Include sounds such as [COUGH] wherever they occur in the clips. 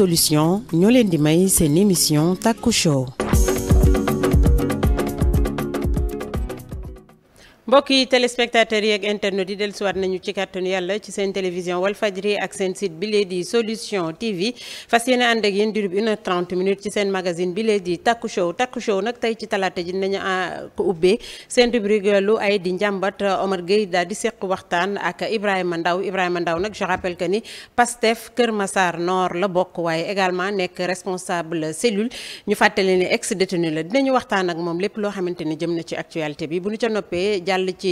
solution ñoo leen di may seen émission Taku Show mbokk yi téléspectateurs yi ak internet yi dellusiwaat nañu ci kàttanu yàlla ci seen télévision Walfadjri ak seen site bi lee di solution TV fas yéene ànd ak yéen durub une heure trente minutes ci seen magazine bi lee di takku show takku show nag tey ci talaata ji nañu ah, ko ubbee seen rubrique lu ay di njàmbat ah, Omar Gueye daal di seq waxtaan ak Ibrahima Ndaw Ibrahima Ndaw nag je rappelle que ni Pastef Kër Massar noor la bokk waaye également nekk responsable cellule ñu fàttali ne ex détenu la dinañu waxtaan ak moom lépp loo xamante ne jëm na ci actualité bi jàll ci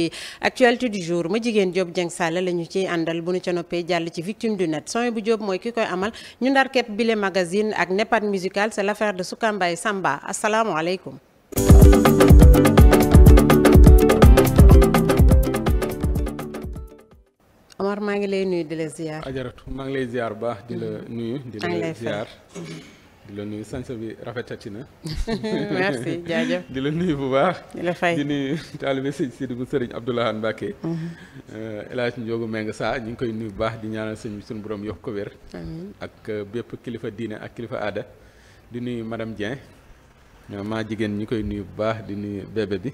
actualité du jour ma jigéen Diop Dieng lañu ci àndal bu nu ca noppee jàll ci victime du net son bu Diop mooy ki koy amal ñu ndarket bile magazine ak nepad musical c'est l'affaire de Soukambay Samba asalaamualeykum. Omar maa ngi lay nuyu di la ziar. ajaratu maa di la nuyu sañse bi rafetati na. [LAUGHS] di la nuyu bu baax. di la fay di nuyu taalibe sëñ Sidi bu sëriñ Abdoulahan Mbacke. Meng mm-hmm. euh, saa ñu ngi koy nuyu bu baax di ñaanal sëñ suñu borom yokk ko wér. ak euh, bépp kilifa diine ak kilifa aada. di nuyu madame Dieng maa jigéen ñi koy nuyu bu baax di nuy bébé bi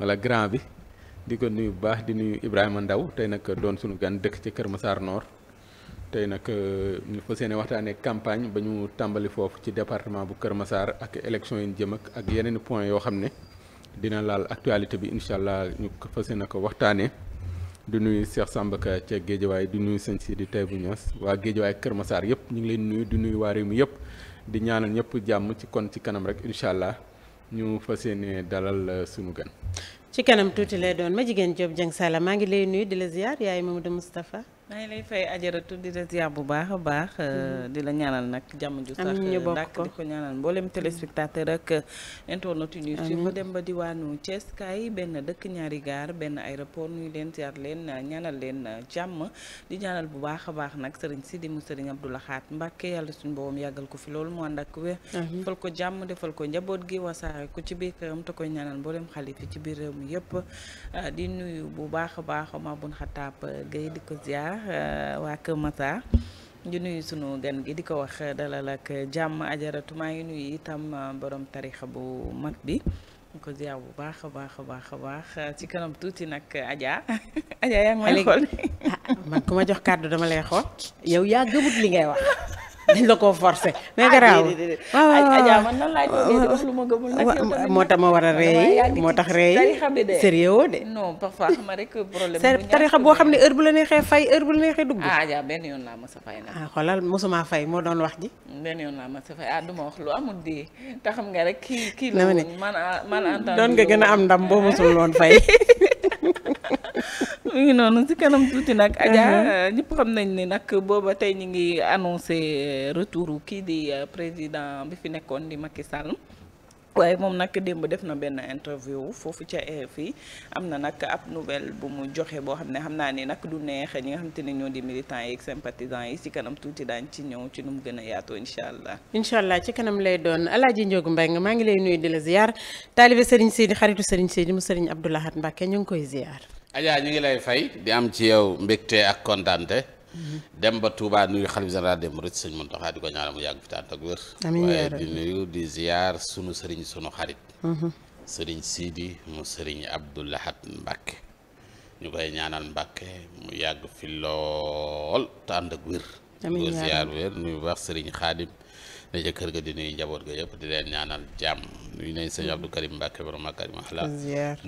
wala grand bi. di ko nuyu bu baax di nuyu Ibrahima Ndaw tey nag doon suñu gan dëkk ci Kër Massar noor tey nag euh, ñu fas yéene waxtaanee campagne ba ñu tàmbali foofu ci département bu Kër Massar ak élection yi ñu jëm ak ak yeneen point yoo xam ne dina laal actualité bi incha allah ñu fa yéene ko waxtaanee du nuyu Cheikh Samba Ka ca Géejawaay du nuyu sëñ Sidi Taïbu Niass waa Géejawaay Kër Massar yëpp ñu ngi leen nuyu du nuyu waa réew yëpp di ñaanal ñëpp jàmm ci kon ci kanam rek incha allah ñu fas yéene dalal euh, sunu gan. ci kanam tuuti lay doon ma jigéen Diop Dieng maa ngi lay nuyu di la ziar yaay Mamadou Moustapha. maa ngi lay fay ajaratu di la bu baax a baax. Euh, mhm. di la ñaanal nag jàmm ju sax euh, ndàkk di ko ñaanal mboolem mhm. téléspectateur ak euh, internaute yu ñuy suivre dem ba diwaanu Thiès kaay benn dëkk ñaari gaar benn aéroport nuyu leen ziar leen ñaanal leen jàmm di ñaanal bu baax a baax nag sëriñ Sidi mu sëriñ Abdou Lahad Mbacke yàlla suñu boobam yàggal ko fi loolu mu ànd ak wér. defal ko jàmm defal ko njaboot gi wasaare ko ci biir këram te koy ñaanal mboolem xalifi ci biir réew mi yëpp di nuyu bu baax a baax Omar Bun Xataab Guèye di ko Euh, waa Kër Massar di nuyu sunu gan gi di ko wax euh, dalal ak jàmm ajaratu maa ngi nuyu itam euh, borom tarix bu mag bi ko ziar bu baax a baax a baax a baax ci kanam tuuti nag Adja. [LAUGHS] Adja yaa ngi may xool ah, man ku ma jox kàddu dama lay xool yow yaa gëmut li ngay wax. [LAUGHS] dañ la ko forcé mais ah, garaaw Adja ah, ah. man nan laa moo tax ma war a reey moo tax reey sérieux de non parfois xam nga rek problème tarixa boo xam ne heure bu la neexee fay heure bu la neexee dugg ah benn yoon laa mës fay nag ah xoolal mosuma fay moo doon wax ji benn yoon laa mës a fay ah du ma wax lu amul dee te xam nga rek kii kii la ma man doon nga gën a am ndam boo mosul woon fay [LAUGHS] [LAUGHS] mu noonu si kanam tuuti nag. Adja euh, ñëpp xam nañ ni nag booba tey ñu ngi annoncé euh, retour kii di euh, président bi fi nekkoon di makki Sall. waaye moom nag démb def na benn interview foofu ca RFI am na nag ab nouvelle bu mu joxe boo xam ne xam naa ni nag du neex ñi nga xam te ne ñoo di militants yi ak sympathisants yi si kanam tuuti daañ ci ñëw ci nu mu gën a yaatoo incha allah. incha allah ci kanam lay doon El Hadj Ndiogou Mbengue maa ngi lay nuyu di la ziar taalibe Serigne Seydi xaritu Serigne Seydi mu Serigne Abdoulahat Mbacke ñu ngi koy Adja ñu ngi lay fay di am ci yow mbégte ak kontaante dem ba Touba nuyu xalif général des mourides sëñ Mountakha di ko ñaanal mu yàgg fi tànt ak wér waaye di nuyu di ziyaar sunu sëriñ sunu xarit mhm. sëriñ Sidi mu sëriñ Abdou Lahad Mbàkke ñu koy ñaanal Mbàkke mu yàgg fi lool te ànd ak wér góor ziyaar wér nuyu baax sëriñ Xaadim ne ca kër ga di nuyu njaboot ga yëpp di leen ñaanal jàmm nuyu nañ sëñ mm. Abdou Karim Mbacke borom Makarim Axla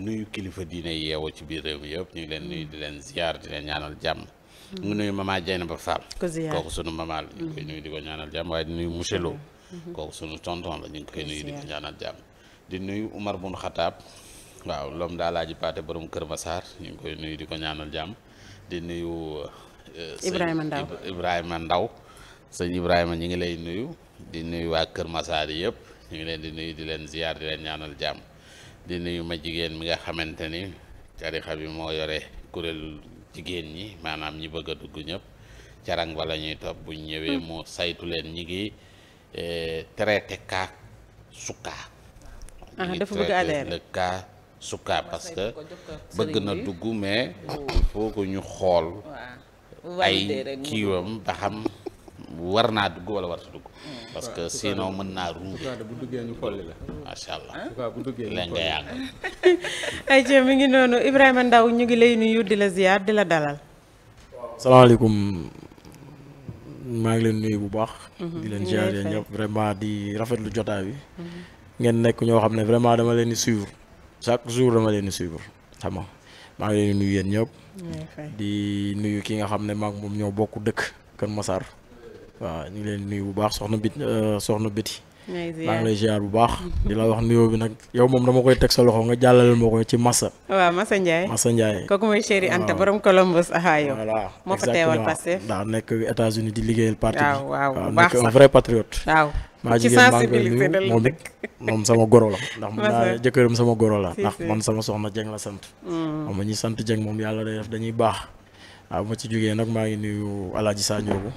nuyu kilifa diine yeewoo ci biir réew mi yëpp ñu ngi leen nuyu mm. di leen ziar di leen ñaanal jàmm mm. mu nuyu mama Dieynaba Fall kooku sunu mama ñu ngi koy nuyu di ko ñaanal jàmm waaye di nuyu monsieur Lo mm-hmm. Mm-hmm. kooku sunu tonton ñu ngi koy nuyu di ko ñaanal jàmm di nuyu Umar bun waaw loom daa laaji paate borom Kër Massar ñu ngi koy nuyu di ko ñaanal jàmm di nuyu euh, Ibrahima Ndaw Ibrahima Ndaw sëñ Ibrahima ñu ngi lay nuyu di nuyu waa Kër Masaar yëpp ñu ngi leen di nuyu di leen ziar di leen ñaanal jàmm di nuyu ma jigéen mi nga xamante ni tarixa bi moo yore kuréelu jigéen ñi maanaam ñi bëgg a dugg ñëpp carang wala ñuy topp bu ñu ñëwee mu saytu leen ñi ngi eh, traité cas sukka. Ah, dafa bëgg traité parce que bëgg na dugg mais oh. il faut ñu xool ay kiiwam ba xam. war naa dugg wala warta dugg. Mm. parce que sinon mën naa ruube. bu la. macha allah bu duggee ñu [LAUGHS] [LAUGHS] ay jëm mi ngi noonu Ibrahima Ndaw ñu ngi lay nuyu di la ziar di la dalal. salaamaaleykum maa ngi leen nuyu bu baax. Mhm, di leen ziar yéen vraiment di rafetlu jotaay bi. Mhm. ngeen nekk ñoo xam ne vraiment dama leen di chaque jour dama leen di suivre xam nga maa ngi leen nuyu yéen ñëpp. di nuyu ki nga xam ne maak moom ñoo bokk dëkk Kër Masar. waaw ñu ngi leen nuyu bu baax soxna bit euh, soxna biti maa ngi bu baax di la wax nuyoo bi nag yow moom dama koy teg sa loxo nga jàllale ma ko ci Massa waaw Massa Ndiaye Massa Ndiaye kooku mooy chéri daa nekk États-Unis di liggéeyal parti bi waaw bu baax sax maa jigéen maa ngi moom sama goro la [LAUGHS] ndax mun sama goro la ndax man sama soxna Dieng la sant moom ma ñuy sant Dieng moom yàlla day def dañuy baax waaw ma ci jógee nag maa ngi nuyu Alaaji Sanjoobu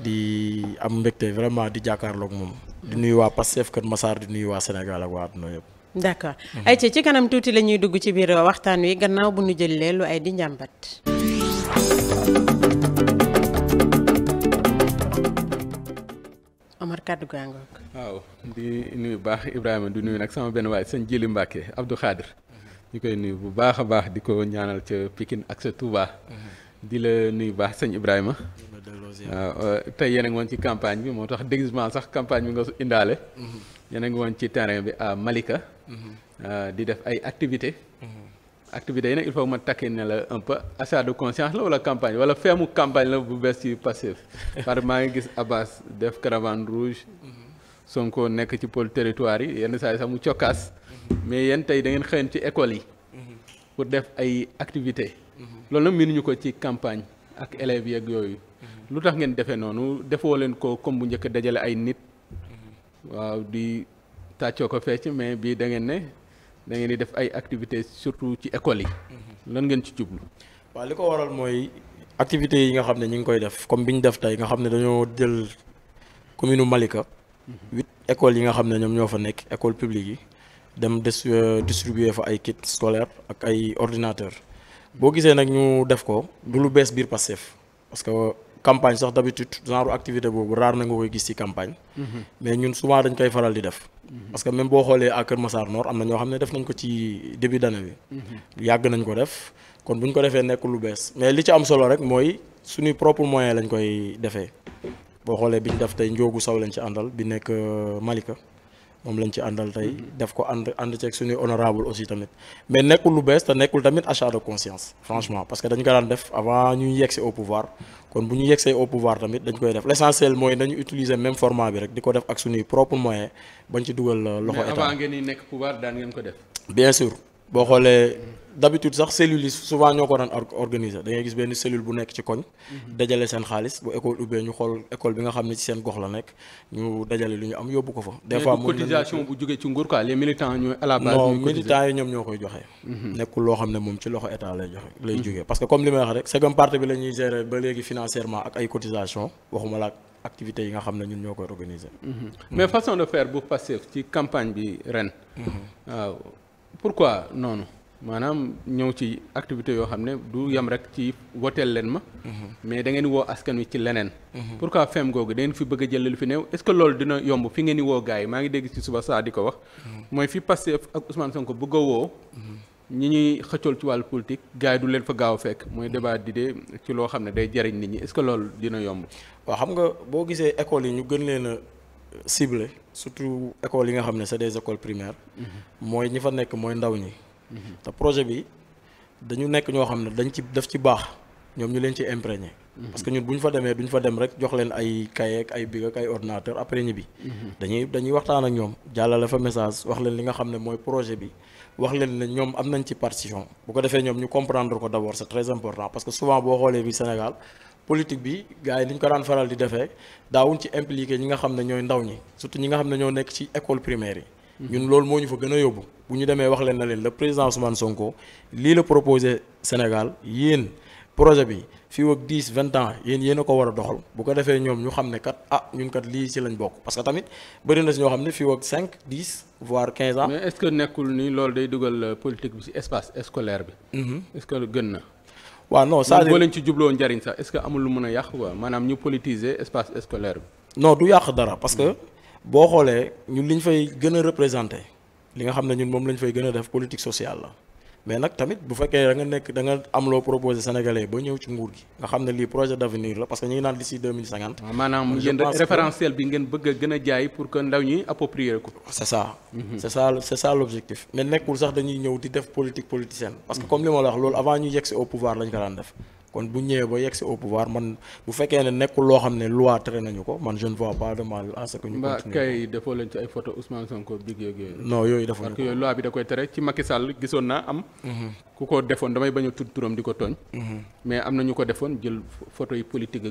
di am mbégte vraiment di jàkkaarloog moom di nuyu waa Pastef Kër Massar di nuyu waa Sénégal ak waa àdduna yëpp. d'accord mhm. ay ci ci kanam tuuti la dugg ci biir waxtaan wi gannaaw bu nu jëlee lu ay di njàmbat. Omar kaddu gaangoog. waaw di nuyu baax Ibrahima di nuyu nag sama benn waay sëñ jëli Mbacke Abdou Khadir. Mhm. ñu koy nuyu bu baax a baax di ko ñaanal ca pikin ak sa Touba. Mhm. di la nuyu baax sëñ Ibrahima. waaw ah, euh, tey yéen a ngi ci campagne bi moo tax déguisement sax campagne bi nga indaale. Mm-hmm. yéen a ngi woon ci terrain bi à Malika. Mm-hmm. Ah, di def ay activités. Mm-hmm. activités yi nag il faut ma takkee ne la pa peu achat de conscience la wala campagne wala feemu campagne la bu bees ci passif [LAUGHS] parce que maa ngi gis Abbas def caravane rouge. Sonko nekk ci pôle territoire yi yenn saa yi sax mu cokkaas. mais yéen tey da ngeen xëy ci école yi. pour def ay activité loolu nag mënuñu ko ci campagne ak élèves yeeg yooyu. lu tax ngeen defee noonu defoo leen ko comme bu njëkk dajale ay nit mhm. waaw di tàccoo ko fecc mais bii da ngeen ne da ngeen di def ay activité surtout ci école yi mhm. lan ngeen ci jublu waaw li ko waral mooy activités yi nga xam ne ñu ngi koy def comme bi ñu def tey nga xam ne dañoo jël commune Malika mhm. huit écoles yi nga xam ne ñoom ñoo fa nekk école publique yi dem des euh, distribuer fa ay kits scolaires ak ay ordinateur boo gisee nag ñu def ko du lu bees biir Pastef campagne sax d'habitude genre activité boobu rare na nga koy gis ci campagne. Mhm. mais ñun souvent dañ koy faral di def. Mhm. parce que même boo xoolee à Kër Massar am na ñoo xam ne def nañ ko ci début d'année bi. Mhm. yàgg nañ ko def kon bu ñu ko defee nekk lu bees mais li ci am solo rek mooy suñuy propre moyen lañ koy defee boo xoolee bi ñu def tey njoogu saw lañ ci àndal bi nekk euh, Malika. moom lañ ci àndal tey mhm. def ko ànd ànd ceeg suñuy honorable aussi tamit mais nekkul lu bees te nekkul tamit achat de conscience franchement parce que dañ ko daan def avant ñuy yegsee au pouvoir kon bu ñu yegsee au pouvoir tamit dañ koy def l' mooy nañu utiliser même format bi rek di ko def ak suñuy propre moyen bañ ci dugal euh, loxo état mais avant ngeen di ko def bien sûr boo xoolee mhm. d'habitude sax cellules yi souvent ñoo ko daan organiser da ngay gis benn cellule bu nekk ci koñ. Mhm. dajale seen xaalis bu école ubbee ñu xool école bi nga xam ne ci seen gox la nekk ñu dajale lu ñu am yóbbu ko fa. des fois cotisation bu jógee ci nguur mhm. loo xam ne moom ci loxo état lay joxe. lay mhm. jógee parce que comme li rek segam parti bi la ñuy gérer ba léegi financièrement ak ay cotisation waxuma la activités yi nga xam ne ñun ñoo koy organiser. Mm. mais façon de faire bu passé ci campagne bi ren. maanaam ñëw ci activité yoo xam ne du yem rek ci woteel leen ma. mais da ngeen woo askan wi ci leneen. pourquoi fem googu da ngeen fi bëgg a jël lu fi néew est ce que loolu dina yomb fi ngeen di woo gars yi maa ngi dégg ci suba ko wax. mooy fi Pastef ak Ousmane Sonko bëgg woo. ñi ñuy xëccool ci wàllu politique gars fa gaaw fekk mooy débat d'idées ci loo xam ne day jariñ nit ñi est ce que loolu dina yomb. waaw xam nga boo gisee école yi ñu gën leen a ciblé surtout école yi nga xam ne c'est des écoles primaires. Mhm. mooy ñi fa nekk mooy ndaw ñi. te projet bi dañu nekk ñoo xam ne dañ ci def ci baax ñoom ñu leen ci imprégné. parce que ñun bu ñu fa demee du ñu fa dem rek jox leen ay cahier ak ay bic ak ay ordinateur après ñi bi dañuy dañuy waxtaan ak ñoom jàllale fa message wax leen li nga xam ne mooy projet bi wax leen ne ñoom am nañ ci partition bu ko defee ñoom ñu comprendre ko d' abord c' est très important parce que souvent boo xoolee bi Sénégal politique bi gars yi ni ñu ko daan faral di defee daawuñ ci impliqué ñi nga xam ne ñooy ndaw ñi surtout ñi nga xam ne ñoo ci école primaire yi. ñun loolu moo ñu fa gën a yóbbu bu ñu demee wax leen na leen le président Ousmane Sonko lii la proposé Sénégal yéen projet bi fii ak dix vingt ans yéen yéen a ko war a doxal bu ko defee ñoom ñu xam ne kat ah ñun kat lii ci lañ bokk parce que tamit bëri na si ñoo xam ne fii ak cinq dix voire quinze ans. mais est-ce que nekkul ni loolu day dugal euh, politique bi ci espace scolaire bi. Mm-hmm. est-ce gën na. waaw non c'est-à-dire boo leen ci jubloo njariñ sax est-ce que amul lu mën a yàq quoi maanaam ñu politiser espace scolaire bi. boo xoolee ñun li ñu fay gën a représenté li nga xam ne ñun moom la ñu fay gën a def politique sociale la mais nag tamit bu fekkee da nga nekk da nga am loo proposé sénégalais ba ñëw ci nguur gi nga xam ne lii projet d' avenir la parce que ñu ngi naan d'ici deux mille cinquante. maanaam yéen référentiel bi ngeen bëgg a gën a jaay pour que ndaw ñi approprier ko. c' ça. Mhm. c' ça c' ça l' mais nekkul sax dañuy ñëw di def politique politicienne. parce que comme li ma la kon bu ñëwee ba yegg si au pouvoir man bu fekkee ne nekkul loo xam ne loi tere nañu ko man je ne vois pas de mal à ce ko mhm. a tudd turam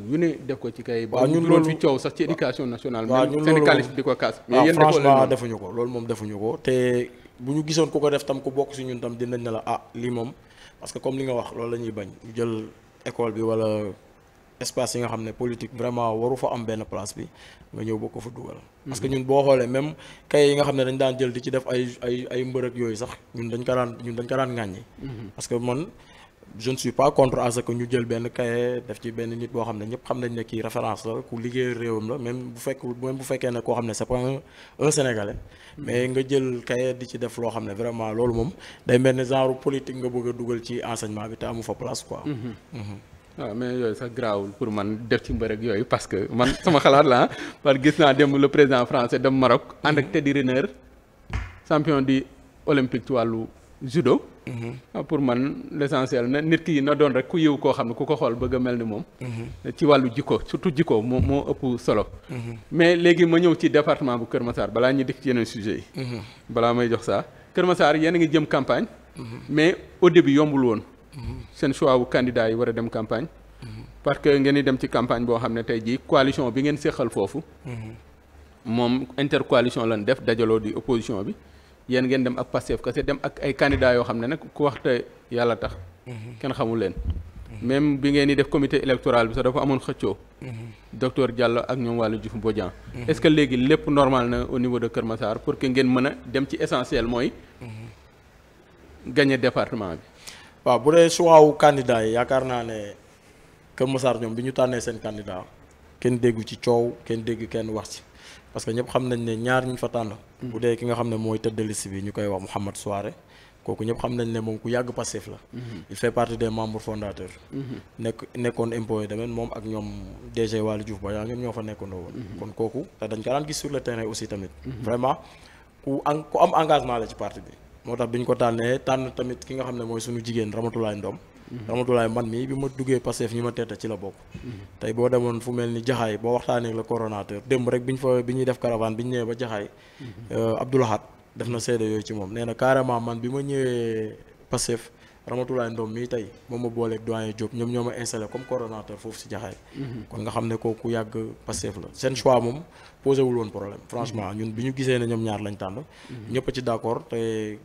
mhm. def ko ci kay waaw ñun ah, defuñu ko loolu moom defuñu ko te bu ñu gisoon ku ko def tam ku bokk si ñun tam dinañ ne la ah lii moom parce comme li nga wax loolu la bañ jël école bi wala espace yi nga xam ne politique vraiment waru fa am benn place bi nga ñëw boo ko fa dugal. parce que mhm. ñun boo xoolee même kay yi nga xam ne dañ daan jël di ci def ay ay ay mbërëg yooyu sax ñun dañ ko raan ñun dañ ko daan ŋàññi. Mhm. parce que man je ne suis pas contre à ce ñu jël benn kaye def ci benn nit boo xam ne ñëpp xam nañ ne kii référence la ku liggéey réewam la même bu fekk même bu fekkee ne koo xam ne sa pas un un mm-hmm. mais nga jël kaye di ci def loo xam ne vraiment loolu moom day mel ne genre politique nga bëgg dugal ci enseignement bi te amu fa place quoi. waaw mm-hmm. mm-hmm. ah, mais yooyu sax garaawul pour man def ci mbër yooyu parce que man sama xalaat la ah gis naa dem la président français dem Maroc ànd ak Teddy Riner champion du ci wàllu judo. Mm-hmm. Ah, pour man l'essentiel na nit ki na doon rek ku yiw koo xam ne ku ko xool bëgg a mel ni moom. Mm-hmm. ci wàllu jikko surtout jikko moo moo ëpp solo. Mm-hmm. mais léegi ma ñëw ci département bu Kër Massar balaa ñuy dikk ci yeneen sujets yi. balaa may jox saa Kër Massar yéen ngi jëm campagne. mais au début yombul woon. seen choix wu candidat yi war a dem campagne. parce que ngeen di dem ci campagne boo xam ne tey jii coalition bi ngeen séqal foofu. moom intercoalition lan def dajaloo di opposition bi. yéen ngeen dem ak Pastef kese dem ak ay candidats yoo xam ne nag ku wax te yàlla tax. kenn xamul leen. même bi ngeen di def comité électoral bi sax dafa amoon xëccoo. docteur Diallo ak ñoom wàllu Diouf Bodian. est-ce que léegi lépp normal na au niveau de Kër Massar pour que ngeen mën a dem ci essentiel mooy. gagner département bi. waaw bu dee choix candidat yi yaakaar naa ne Kër Massar ñoom bi ñu tànnee seen candidat kenn déggu ci coow kenn dégg kenn wax ci. parce que ñëpp xam nañ ne ñaar ñu fa tànn. Mm. bu dee ki nga xam ne mooy tëdd liste bi ñu koy wax Mouhamed Souare kooku ñëpp xam nañ ne moom ku yàgg Pastef la. Mm-hmm. il fait partie des membres fondateurs. Mm-hmm. nekk nekkoon impôt demen moom ak ñoom DG wàll Diouf ba yaa ñoom ñoo fa nekkandoo woon. Mm-hmm. kon kooku te dañ ko daan gis sur le terrain aussi tamit. vraiment ku am engagement la ci parti bi. moo tax bi ñu ko tànnee tànn tamit ki nga xam ne mooy suñu jigéen Ramatoulaye Ndom Mm-hmm. Ramatoulaye man mii bi ma duggee Pastef ñi ma tette ci la bokk mm-hmm. tey boo demoon fu mel ni jaxaay boo waxtaanee la coordonnateur démb rek bi ñu fa bi ñuy def caravane bi ñu ñëwee ba jaxaay mm-hmm. euh, Abdoulahat def na seede yooyu ci moom nee na carrément man bi ma ñëwee Pastef Ramatoulaye Ndom mii tey moom ma booleeg doyen Diop ñoom ñoo ma installé comme coordonnateur foofu si jaxaay mhm. kon nga xam ne kooku yàgg Pastef la seen choix moom posé wul woon problème franchement ñun bi ñu gisee ne ñoom ñaar lañ tànn mhm. ñëpp ci d' te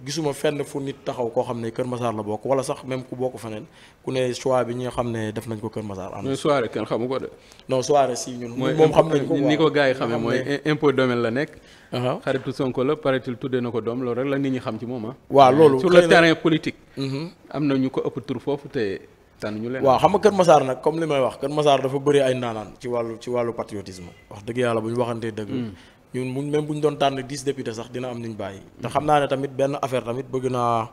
gisuma fenn fu nit taxaw koo xam ne Kër Massar la bokk wala sax même ku bokk feneen ku ne choix bi ñi xam ne def nañ ko Kër Massar am soirée kenn xamu ko de non soirée si ñun moom xam nañ ko ni mooy impôt domaine la nekk waaw uh-huh. xaritu Sonko la paraît-il tuddee na ko doom loolu rek la nit ñi xam ci moom a ah. waaw loolu sur le terrain politique. Mm-hmm. am na ñu ko ëpp tur foofu te tànn ñu leen. waa xam ma Kër masaar nag comme li may wax Kër masaar dafa bëri ay ndaanaan ci wàllu ci wàllu patriotisme wax dëgg yàlla bu ñu waxantee dëgg. Mm. ñun muñ même bu ñu doon tànn dix députés sax dina am niñ bàyyi. te mm. xam naa ne tamit benn affaire tamit bëgg naa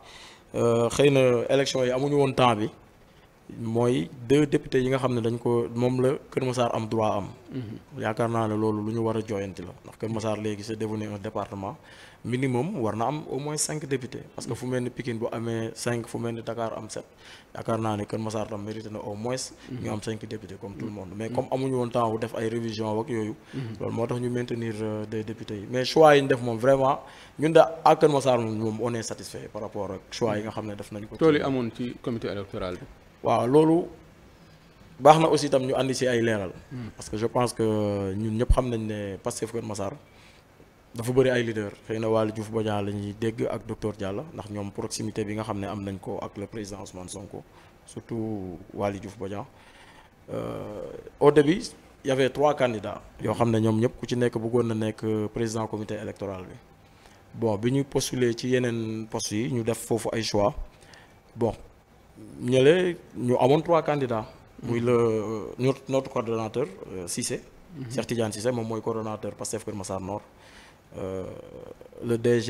euh, xëy na élection yi amuñu woon temps bi mooy deux députés yi nga xam ne dañ ko moom la Kër Massar am droit am. Mm-hmm. yaakaar naa ne loolu lu ñu war a jooyanti la ndax Kër Massar léegi c'est devenu un département minimum war na am au moins cinq députés parce que fu mel ni Pikine bu amee cinq fu mel ni Dakar am sept yaakaar naa ne Kër Massar tam mérité na au moins. ñu mm-hmm. am cinq députés comme tout le monde mais mm-hmm. comme amuñu woon temps def ay révision ak yooyu. loolu moo tax ñu maintenir euh, des députés de à Kër Massar moom on est satisfait nañ tool yi amoon ci comité électoral bi. waaw loolu baax na aussi itam ñu indi si ay leeral. Hmm. parce que je pense que ñun ñëpp xam nañ ne Pastef Kër Massar dafa bëri ay leader xëy na Waly Diouf Bodian la ñuy dégg ak docteur Diallo ndax ñoom proximité bi nga xam ne am nañ ko ak le président Ousmane Sonko surtout Waly Diouf Bodian euh, au début y avait trois candidats yoo xam ne ñoom ñëpp ku ci nekk buggoon na nekk président commité électoral bi bon bi ñuy postulé ci yeneen post yi ñu def foofu ay choix bon. ñële ñu amoon trois candidats. muy le euh, notre notre coordonnateur euh, Cissé. Mhm. Cheikh Tidiane Cissé moom mooy coordonnateur Pastef Kër Massar Nord. Euh, le DG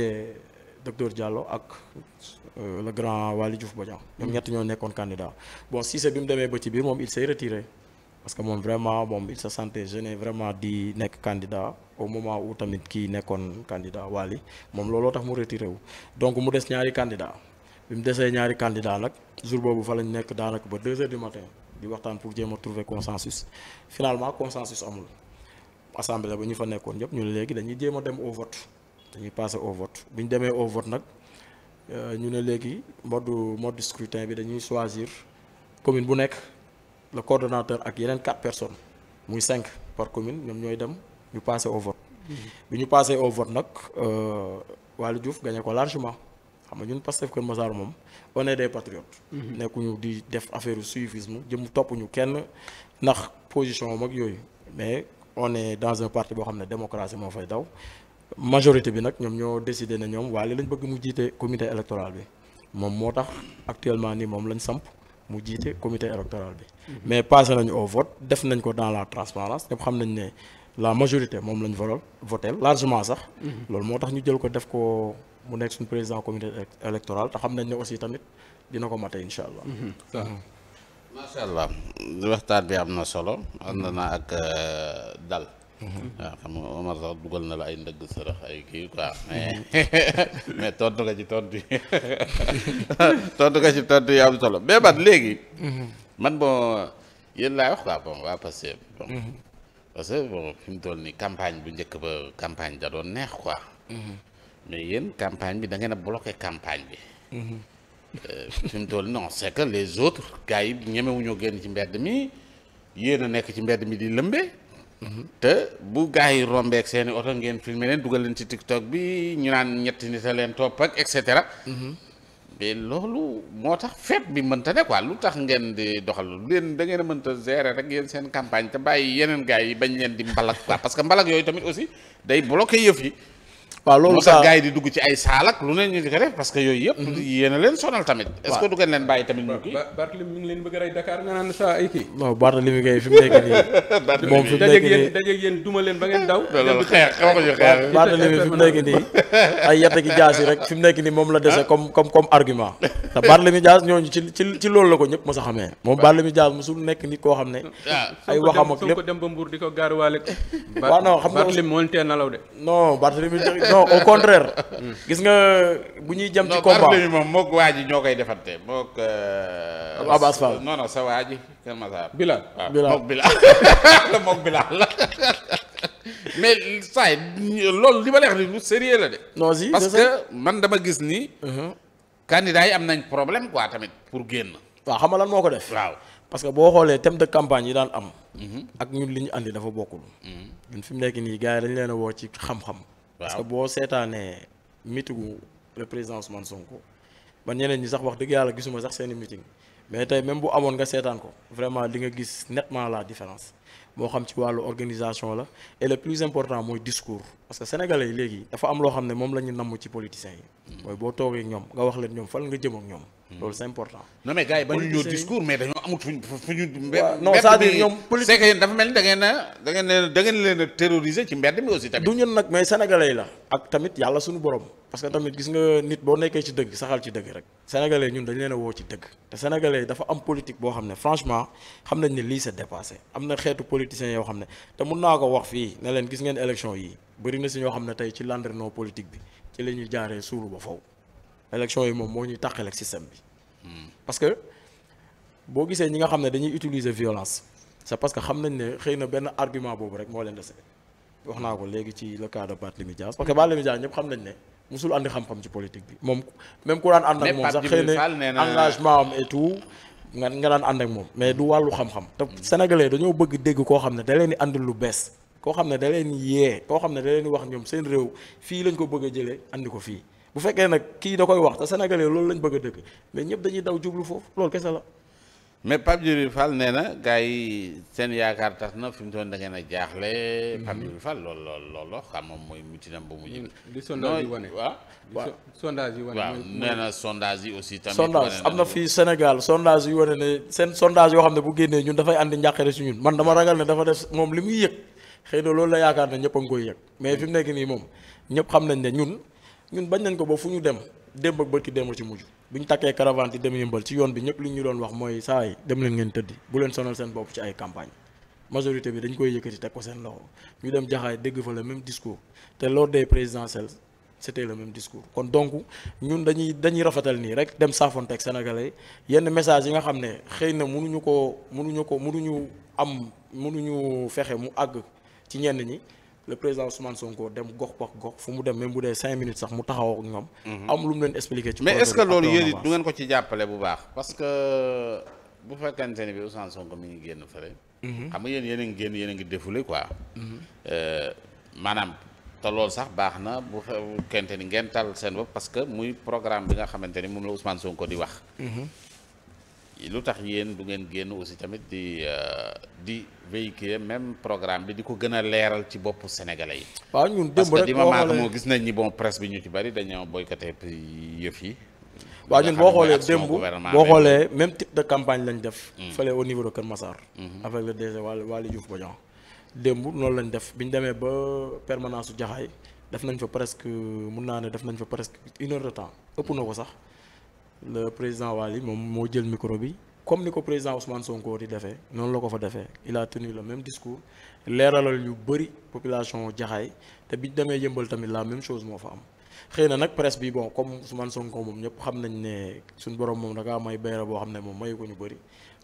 docteur Diallo ak le grand Waly Diouf Bodian. ñoom mhm. ñett ñoo nekkoon candidat bon Cissé bi mu demee ba ci biir moom il s'est retiré. parce que moom vraiment moom il sa sentait gêné vraiment di nekk candidat au moment où tamit kii nekkoon candidat Waly moom looloo tax mu retiré wu donc mu des ñaari candidat bi mu desee ñaari candidat nag jour boobu fa lañ nekk daanaka ba 2 heures du matin di waxtaan pour jéem a trouver consensus finalement consensus amul assemblée ba ñu fa nekkoon yëpp ñu ne léegi dañuy jéem a dem au vote dañuy passer au vote bu ñu demee au vote nag euh, ñu ne léegi mode mode scrutin bi dañuy choisir commune bu nekk le coordonnateur ak yeneen quatre personnes muy cinq par commune ñoom ñooy dem ñu passer au vote. Mm-hmm. bi ñu passer au nag euh, Waly Diouf gagné xam nga ñun Pastef Kër Massar moom on est des mhm. nekkuñu di def affaire suivisme topp ñu kenn ndax position mag yooyu mais on est dans un parti boo xam ne démocratie moo fay daw majorité bi nag ñoom ñoo décidé na ñoom waaye lañ bëgg mu jiite comité électoral bi moom moo tax actuellement nii moom lañ samp mu jiite comité électoral bi. Mhm. mais passé nañu au vote def nañ ko dans la transparence ñëpp xam nañ ne la majorité moom lañ voté voté largement sax. Mhm. loolu moo tax ñu jël ko def ko. mu nekk suñu président comité électoral te xam nañ ne aussi tamit dina ko mate incha allah. Mhm. Mhm. macha waxtaan bi am na solo ànd na ak euh, dal. Mhm. waaw xam nga Omar sax dugal na la ay ndëgg sërëx ay kii quoi mais [LAUGHS] mais tontu nga ci tontu yi [LAUGHS] tontu nga ci tontu yi am solo mais man léegi. man bon yéen laay wax quoi bon waa parce que bon parce que bon mu toll nii campagne bu njëkk ba campagne da doon neex quoi. mais yéen campagne bi da ngeen a bloqué campagne bi. Mhm. Euh, fi mu toll non c'est que les autres gars yi ñemewuñoo génn ci mbedd mi yéen a nekk ci mbedd mi di lëmbee. Mhm. te bu gars yi rombeek seen oto ngeen filmer leen dugal leen ci TikTok bi ñu naan ñetti nit a leen topp ak et cetera. Mhm. mais loolu moo tax fête bi mënta ne quoi lu tax ngeen di doxal lu leen da ngeen a mënta gérer rek yéen seen campagne te bàyyi yeneen gars yi bañ leen di mbalak quoi mbalak yooyu tamit aussi day bloqué waaw loolu sax gars di dugg ci ay saalak lu ne ñu di ko def parce que yooyu yëpp mhm. yéen a leen sonal tamit est-ce que du ngeen leen bàyyi tamit ñu ngi leen bëgg a rey Dakar nga naan sa ay kii non Barthélémy kay fi mu nekk nii [LAUGHS] moom nekk jaas yi rek fi mu nekk nii moom la dese ah. comme comme comme argument te Barthélémy loolu la ko ñëpp mos a xamee moom Barthélémy Dias mosul nit koo xam ne ah. ay waxam lépp ko dem ba di ko gaaruwaale waaw non xam nga Barthélémy moo leen tee de non non au contraire. gis nga bu ñuy jëm ci. combat non Barthélemy moom moog waa ji ñoo koy defante moog. Abass Fall non non sa waa ji. Kër Masar ah, [LAUGHS] mais saa yi loolu li ma lay wax nii lu sérieux la de. non si parce que man dama gis ni. Uh-huh. candidats yi am nañ problème waa tamit pour génn. waa xam lan moo ko def. waaw parce que boo xoolee thème de campagne yi daan am. Mm-hmm. ak ñun li ñu andi dafa bokkul. Mm-hmm. ñun fi mu nekk nii gars yi dañu leen a woo ci xam-xam. parce que boo seetaanee meetingu le président Ousmane Sonko man ñeneen ñi sax wax dëgg yàlla gisuma sax seeni meeting mais tey même bu amoon nga seetaan ko vraiment di nga gis nettement la différence moo xam ci wàllu organisation la et le plus important mooy discours parce que sénégalais yi léegi dafa am loo xam ne moom la ñu namm ci politiciens yi. mooy boo toogee ñoom nga wax leen ñoom fan nga jëm ak ñoom. loolu c'est important. a da ngeen a da du ñun nag mais sénégalais yi la. ak tamit yàlla suñu borom. parce que tamit gis nga nit boo nekkee ci dëgg saxal ci dëgg rek. sénégalais ñun dañ leen woo ci dëgg. te sénégalais dafa am politique boo xam ne franchement xam nañ ne lii c'est dépassé am na xeetu xeetu politiciens yoo xam ne te mun naa ko wax fii ne leen gis ngeen élection yi bëri na si ñoo xam ne tey ci landerneau politique bi ci la jaaree suulu ba faw élection yi moom moo ñuy tàqale ak système bi hmm. parce que boo gisee ñi nga xam ne dañuy utiliser violence c'est parce que xam nañ ne xëy na benn argument boobu rek moo leen dese wax naa ko léegi ci le cas de Barthélémy Dias parce que Barthélémy Dias ñëpp xam nañ ne musul andi xam-xam ci politique bi moom même nga nga daan ànd ak moom mais du wàllu xam-xam te sénégalais dañoo bëgg dégg koo xam ne da leen di àndil lu bees koo xam ne da leen yee koo xam ne da leen wax ñoom seen réew fii lañ ko bëgg a jëlee andi ko fii bu fekkee nag kii da koy wax te sénégalais loolu lañ bëgg a dëkk mais ñëpp dañuy daw jublu foofu loolu kese la mais Pape Djibril Fall nee na gars yi seen yaakaar tas na fi mu toon da a jaaxle. Mhm. Pape Djibril Fall lool lool lool xam moom mooy mutinam ba mu jëm. li mm, sondage yi wane waaw waaw sondage yi wane. waaw nee na sondage yi aussi. tamit sondage am na fii Sénégal sondage yu wane ne seen sondage yoo xam ne bu génnee ñun dafay andi njàqare si ñun man dama ragal ne dafa def moom li muy yëg xëy na loolu la yaakaar ne ñëpp a ngi koy yëg mais fi mu nekk nii moom ñëpp xam nañ ne ñun ñun bañ nañ ko ba fu ñu dem démb ak bët ki démb ci mujj. bi ñu takkee caravane di dem yëmbal ci yoon bi ñëpp li ñu doon wax mooy saa yi dem leen ngeen tëddi bu leen sonal seen bopp ci ay campagne majorité bi dañ koy yëkkati te ko seen loxo ñu dem jaxaay dégg fa le même discours te lors des présidentielles c'était le même discours kon donc ñun dañuy dañuy rafetal nii rek dem saafonteeg sénégalais yenn message yi nga xam ne xëy na mënuñu ko mënuñu ko mënuñu am mënuñu fexe mu àgg ci ñenn ñi le président Ousmane Sonko dem gox ba gox fu mu dem même bu dee cinq minutes sax mu taxaw ak ñoom. Mhm. am lu mu leen expliqué. ci mais est loolu yéen du ngeen ko ci jàppale bu baax parce bu fekkente ne bi Ousmane Sonko mi ngi génn fële. Mhm. xam nga génn yéen ngi défulé quoi. Mhm. Euh, maanaam. te loolu sax baax na bu fekkente ni ngeen tal seen bopp parce que muy programme bi nga xamante ni mu la Ousmane Sonko di wax. lu tax yéen du ngeen génn aussi tamit di euh, di véhiculer même programme bi di ko gën a leeral ci boppu sénégalais yi. waaw ñun démb rek boo xoolee moo gis nañ ni bon presse bi ñu ci bari dañoo boycotté yëf yi. waaw ñun boo xoolee démb boo xoolee même type campagne lañ def. Mm. fële au niveau de Kër Massar. Mm-hmm. avec le DG Waly Waly Diouf Bodian. démb noonu lañ def bi ñu demee ba permanence su Jaxaay def nañ fa presque mun naa ne def nañ fa presque une heure de temps ëpp na ko sax. le président Wali moom moo jël micro bi comme ni ko président Ousmane Sonko di defee noonu la ko fa defee il a tenu le même discours leeralal ñu bëri population jaxaay te biñ demee yëmbal tamit la même chose moo fa am xëy na nag presse bi bon comme Ousmane Sonko moom ñëpp xam nañ ne suñu borom moom da ngaa may bayra boo xam ne moom mayu ko ñu bëri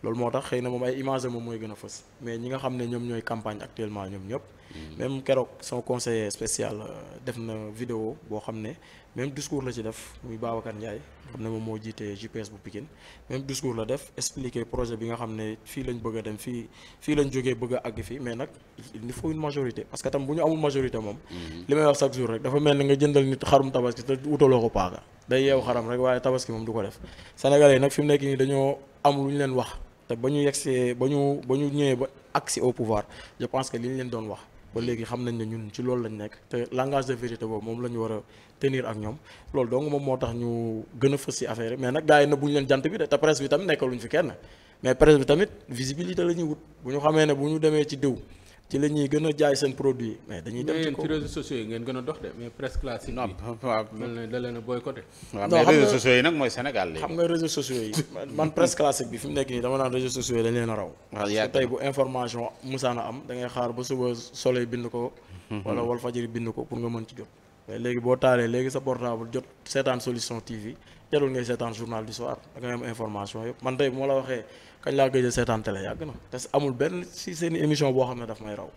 loolu moo tax xëy na moom ay image moom mooy gën a fës mais ñi nga xam ne ñoom ñooy campagne actuellement ñoom ñëpp. Mm. même keroog son conseiller spécial euh, def na vidéo boo xam ne même discours la ci def muy Babacar Ndiaye. xam ne moom moo jiitee GPS bu Pikine même discours la def expliquer projet bi nga xam ne fii lañ bëgg a dem fii fii lañ jógee bëgg a fi mais nag il faut une majorité parce que tam bu ñu amul majorité moom. Mm-hmm. li may wax chaque jour rek dafa mel ni nga jëndal nit xarum tabaski te wutaloo ko paaka. day yeew xaram ko def sénégalais nag fi mu nekk nii am lu leen wax. te ba ñu yegsee ba ñu ba ñu ñëwee ba accès au pouvoir je pense que li ñu leen doon wax ba léegi xam nañ ne ñun ci loolu lañ nekk te langage de vérité boobu moom la ñu war a tenir ak ñoom loolu donc moom moo tax ñu gën a fës si affaire yi mais nag gars na bu ñu leen jant bi de te presse bi tamit nekkaluñ fi kenn mais presse bi tamit visibilité la ñuy wut bu ñu xamee ne bu ñu demee ci diw ci la ñuy gën a jaay seen produit mais dañuy dem ci kaw mais réseaux sociaux yi ngeen gën a dox de mais presse classique. non waaw a boycotté. man presse classique bi fi nekk dama naan réseaux sociaux yi dañ leen a raw. waaw tey bu information musaana am da xaar ba suba soleil bind ko. [LAUGHS] wala Walfadjri bind ko pour nga mën ci jot. mais léegi boo taalee léegi sa portable jot seetaan solution TV jarul ngay seetaan journal du soir am information yëpp man tey bu kañ laa gëj seetaan télé yàgg na te amul benn si seen émission boo xam ne daf may raw.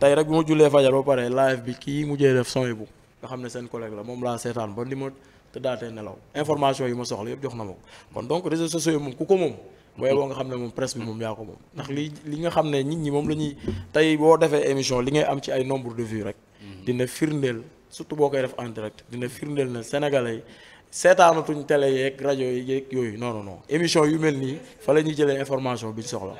tey rek bi ma jullee fajar ba pare live bi kii mujjee def son bu nga xam ne seen collègue la moom laa seetaan ba ni ma te nelaw information yi ma soxla yëpp jox na ma ko kon donc réseaux sociaux yi moom ku ko moom. mooy boo nga xam ne moom presse bi moom yaa ko moom ndax li li nga xam ne nit ñi moom la ñuy tey boo defee émission li ngay am ci ay nombre de vues rek. Mm-hmm. dina firndeel surtout boo koy def en direct dina firndeel na sénégalais seetaanatuñu télé yeeg rajo yéeg yooyu noonu non non émission yu mel nii fa la ñuy jëlee information bi ñu soxla.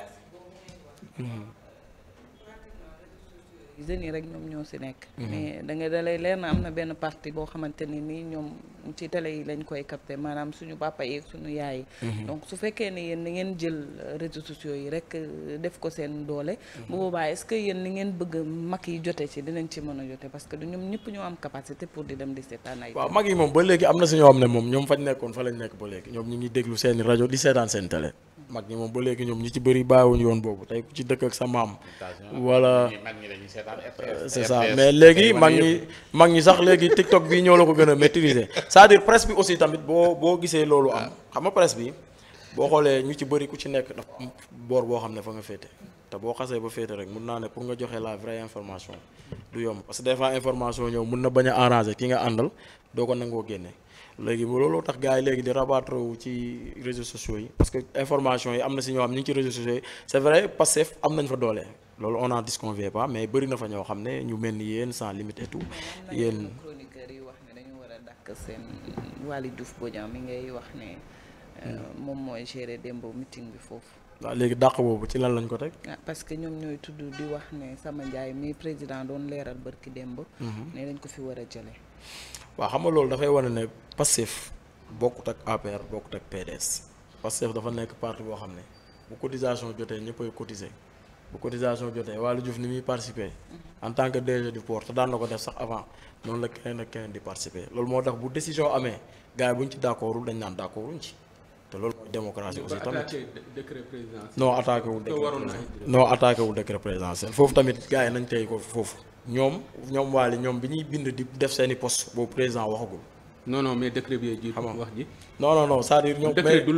jeunes yi rek ñoom ñoo si nekk. Mhm. mais da nga dalay leer na am na benn parti boo xamante ni nii ñoom ci télé yi lañ koy capté maanaam suñu papa yi suñu yaay yi. Mhm. donc su fekkee ne yéen ni ngeen jël réseaux sociaux yi rek euh, def ko seen doole. Mhm. bu boobaa est-ce que yéen li ngeen bëgg mag yi jote ci dinañ ci mën a jote parce que du ñoo am capacité pour di dem di seetaan ay. waaw mag yi moom ba léegi am na si ñoo xam ne moom ñoom fañ nekkoon fa lañ nekk ba léegi ñoom rajo di seetaan seen télé. mag ñi moom ba léegi ñoom ñi ci bëri bàyyiwuñu yoon boobu tey ku ci dëkk ak sa maam. wala c'est ça mais léegi mag ñi mag ñi sax léegi TikTok bii ñoo la ko gën a maîtriser c'est-à-dire presse bi aussi tamit boo boo gisee loolu am xam nga presse bi boo xoolee ñu ci bëri ku ci nekk dafa boor boo xam ne fa nga féete te boo xasee ba féete rek mun naa ne pour nga joxe la vraie information du yomb parce que des fois information ñëw mun na bañ a arranger ki nga àndal doo ko nangoo génne léegi looloo tax gars yi léegi di rabattre wu ci réseaux sociaux yi parce que information yi am na si ñoo xam ñu ngi ci réseaux sociaux yi c'est vrai Pastef am nañ fa doole loolu on n'en disconvient pas mais bëri fa ñoo xam ne ñu mel ni yéen sans limite et tout yéen. chroniqueurs yi wax ne dañu war a dàkk seen Waly Diouf Bodian mi ngay wax ne euh, hmm. moom mooy gérer démb meeting bi foofu. waaw léegi dàq boobu ci lan lañ ko teg. Ah, parce que ñoom ñooy tudd di wax ne sama njaay mi président doon leeral barki démb. Hmm. ne dañ ko fi war a jëlee. waaw xam nga loolu dafay wane ne Pastef bokkut ak APR bokkut ak PDS Pastef dafa nekk parti boo xam ne bu cotisation jotee ñëppay cotiser bu cotisation jotee Waly Diouf ni muy participer en tant que DG du port te daan na ko def sax avant noonu la keneen ak keneen di participer loolu moo tax bu décision amee gars yi bu ñu ci d'accordul dañ naan d'accorduñ ci te loolu mooy démocratie aussi tamit non attaqué wul décret non attaqué wul décret présidentiel foofu tamit gars nañ tey ko foofu ñoom ñoom waale ñoom bi ñuy bind di def seen i poste boobu président waxagul. non non mais décret bi jiitu wax ji. non non non cest à lu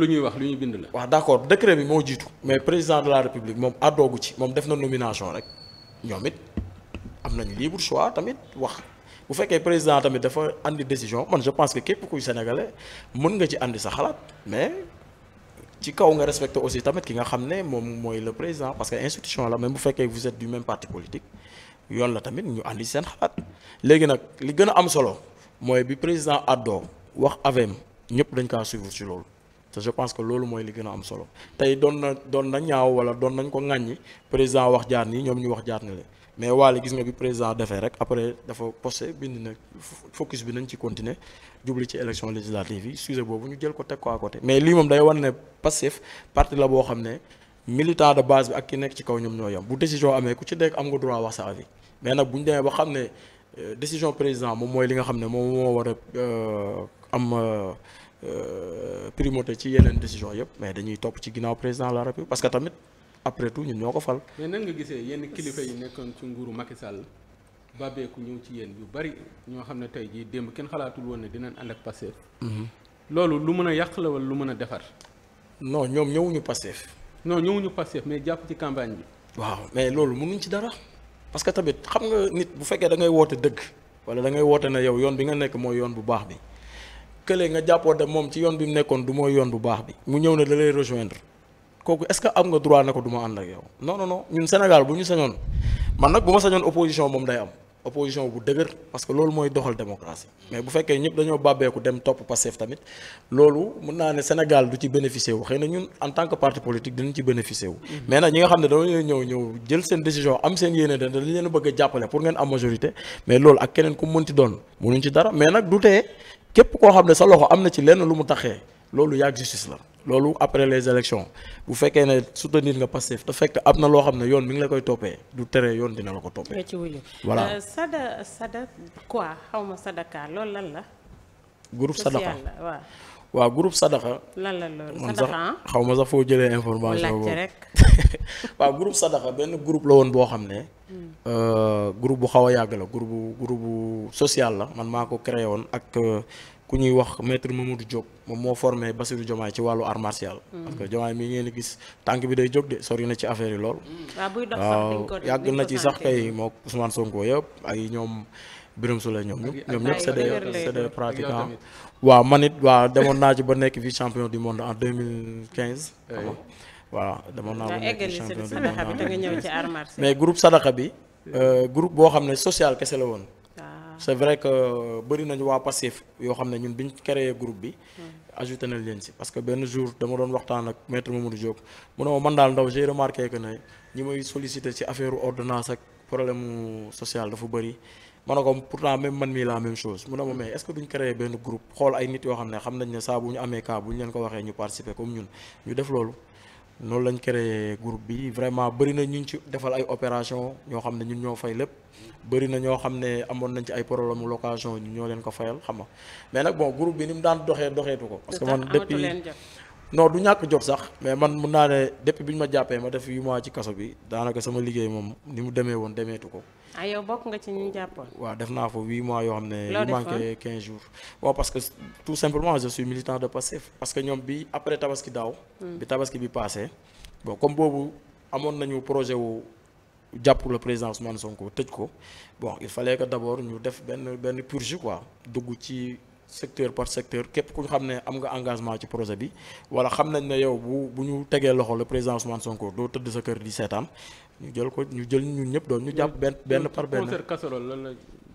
ñuy wax lu ñuy bind la. waaw d'accord décret bi moo jiitu. mais président de la république moom àddoogu ci moom def na nomination rek ñoom it am nañu libre choix tamit wax bu fekkee président tamit dafa andi décision man je pense que képp kuy sénégalais mën nga ci andi sa xalaat mais. ci kaw nga respecté aussi tamit ki nga xam ne moom mooy le président parce que institution la même bu fekkee vous êtes du même yoon la tamit ñu àndi seen xalaat léegi nag li gën a am solo mooy bi président Addo wax avem ñëpp dañ kaa suivre ci loolu te je pense que loolu mooy li gën a am solo tey doon na doon na ñaaw wala doon nañ ko ŋàññi président wax jaar nii ñoom ñu wax jaar na le mais waale gis nga bi président defee rek après dafa posté bind na focus bi nañ ci continuer jubli ci élection législative yi sujet boobu ñu jël ko teg ko à côté mais lii moom day wan ne passif parti la boo xam ne militant de base bi ki nekk ci kaw ñoom ñoo yam bu décision amee ku ci nekk am nga droit wax sa avis mais nag bu ñu demee ba xam ne euh, décision président moom mooy li nga xam ne moom moo war a euh, am euh, primauté ci yeneen décision yëpp mais dañuy topp ci ginnaaw président de la République parce que tamit après tout ñun ñoo ko fal. mais nan nga gisee yenn kilifa yi nekkoon ci nguuru Macky Sall bàbbeeku ñëw ci yéen yu bari ñoo xam ne tey jii démb kenn xalaatul woon ne dinañ ànd ak Pastef. Mhm. loolu lu mën a yàq la wala lu mën a defar. non ñoom ñëwuñu Pastef. non ñëwuñu Pastef mais jàpp ci campagne bi. waaw ci dara. parce que tamit xam nga nit bu fekkee dangay woote dëgg wala da ngay woote ne yow yoon bi nga nekk mooy yoon bu baax bi kële nga jàppoo dem moom ci yoon bi mu nekkoon du mooy yoon bu baax bi mu ñëw ne da lay rejoindre kooku est-ce que am nga droit na ko du ma ànd ak yow non non non ñun Sénégal bu ñu sañoon man nag bu ma sañoon opposition moom day am opposition bu dëgër parce que loolu mooy doxal démocratie mais bu fekkee ñëpp dañoo bàbbeeku dem topp Pastef tamit loolu mën naa ne Sénégal du ci bénéficier wu xëy na ñun en tant que parti politique dinañ ci bénéficier wu mm-hmm. mais nag ñi nga xam ne dañoo ñëw ñëw jël seen décision am seen yéene da dañ leen bëgg jàppale pour ngeen am majorité mais loolu ak keneen ku mënti doon mënuñ ci dara mais nag du tee képp koo xam ne sa loxo am na ci lenn lu mu taxee loolu yàgg justice la loolu après les élections bu fekkee ne soutenir nga Pastef te fekk am na loo xam ne yoon mi ngi la koy toppee du tere yoon dina la ko toppee. voilà euh, Sada Sada quoi xaw ma Sadaka loolu lan la. groupe Sadaka waaw. waaw groupe Sadaka. lan la loolu man sax xaw ma sax foo jëlee information boobu rek. [LAUGHS] waaw groupe Sadaka benn groupe la woon boo xam ne. Hmm. Euh, groupe bu xaw a yàgg la group bu group bu social la man maa ko créé woon ak. Euh, ku ñuy wax moom Mamadou Diop moom moo formé Bassirou Diomaye ci wàllu art martial. Hmm. parce que Diomaye mii ngeen gis tànk bi day jóg de sori na ci affaire yi lool. Hmm. waaw yàgg na ci sax kay mook Ousmane Sonko yëpp ay ñoom Birame Souleye ñoom ñëpp ñoom ñëpp c'est des c'est des man it waaw demoon naa ci ba nekk fii champion du monde en deux mille quinze. voilà eh. demoon naa ba nekk champion du monde mais groupe Sadaka bi euh, groupe boo xam ne social kese la woon. c'est vrai bari bëri nañu waa passif yoo xam ne ñun biñ créé group bi. ajouté nañ leen si parce que benn jour dama doon waxtaan ak maître Mamadou Diop mu ne ma man daal ndaw j'ai remarqué que ne ñi may sollicité ci affaire ordonnance ak problème social dafa bëri. ma ne ko pourtant même man mii la même chose mu ne ma mais est-ce que duñ créer benn groupe xool ay nit yoo xam ne xam nañ ne saa bu ñu amee cas bu ñu leen ko waxee ñu participer comme ñun ñu def loolu. noonu lañ créé groupe bi vraiment bëri na ñu ngi ci defal ay opération ñoo xam ne ñun ñoo fay lépp bëri na ñoo xam ne amoon nañ ci ay problème location ñu ñoo leen ko fayal xam ma mais nag boo groupe bi ni mu daan doxee doxeetu ko parce que man depuis non du ñàkk jot sax mais man mun naa ne depuis bi ñu ma jàppee ma def yu ma ci kaso bi daanaka sama liggéey moom ni mu deme woon demeetu ko ah yow bokk nga ci ñu jàppoon. waaw def naa foofu huit mois yoo xam ne. loo manqué quinze jours. waaw parce que tout simplement je suis militant de Pastef parce que ñoom bi après tabaski daaw. Hmm. bi tabaski bi passé bon comme boobu amoon nañu projet wu jàpp le président Ousmane Sonko tëj ko bon il fallait que d' abord ñu def benn benn purge quoi dugg ci. secteur par secteur képp ku xam ne am nga engagement ci projet bi wala xam nañ ne yow bu bu ñu tegee loxo la président Ousmane Sonko doo tëdd sa kër di seetaan ñu jël ko ñu jël ñun ñëpp doon ñu jàpp benn benn par benn. concert lan la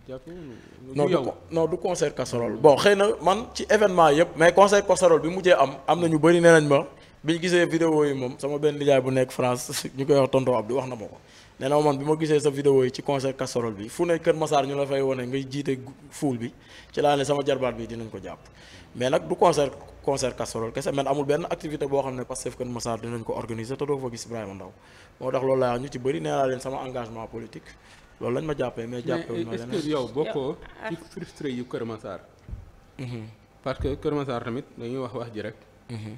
jàpp non du non du concert casserole bon xëy na man ci événement yëpp. mais concert casserole bi mujjee am am na ñu bëri nee nañ ma bi ñu gisee vidéo yi moom sama benn nijaay bu nekk France [LAUGHS] ñu koy wax tonton Abdou wax na ma ko. nee na man bi ma gisee sa vidéo yi ci concert casserole bi fu ne Kër Massar ñu la fay wone ngay jiite foule bi ci laa ne sama jarbaat bi dinañ ko jàpp mais nag du concert concert casserole kese man amul benn activité boo xam ne Pastef Kër Massar dinañ ko organiser te doo fa gis Ibrahima Ndaw moo tax loolu laa wax ñu ci bëri nee naa leen sama engagement politique loolu lañ ma jàppee mais jàppewuñ ma leneen est-ce que yow bokkoo ah. ci frustré yu Kër mhm. parce que Kër Massar tamit dañuy wax wax ji rek mhm.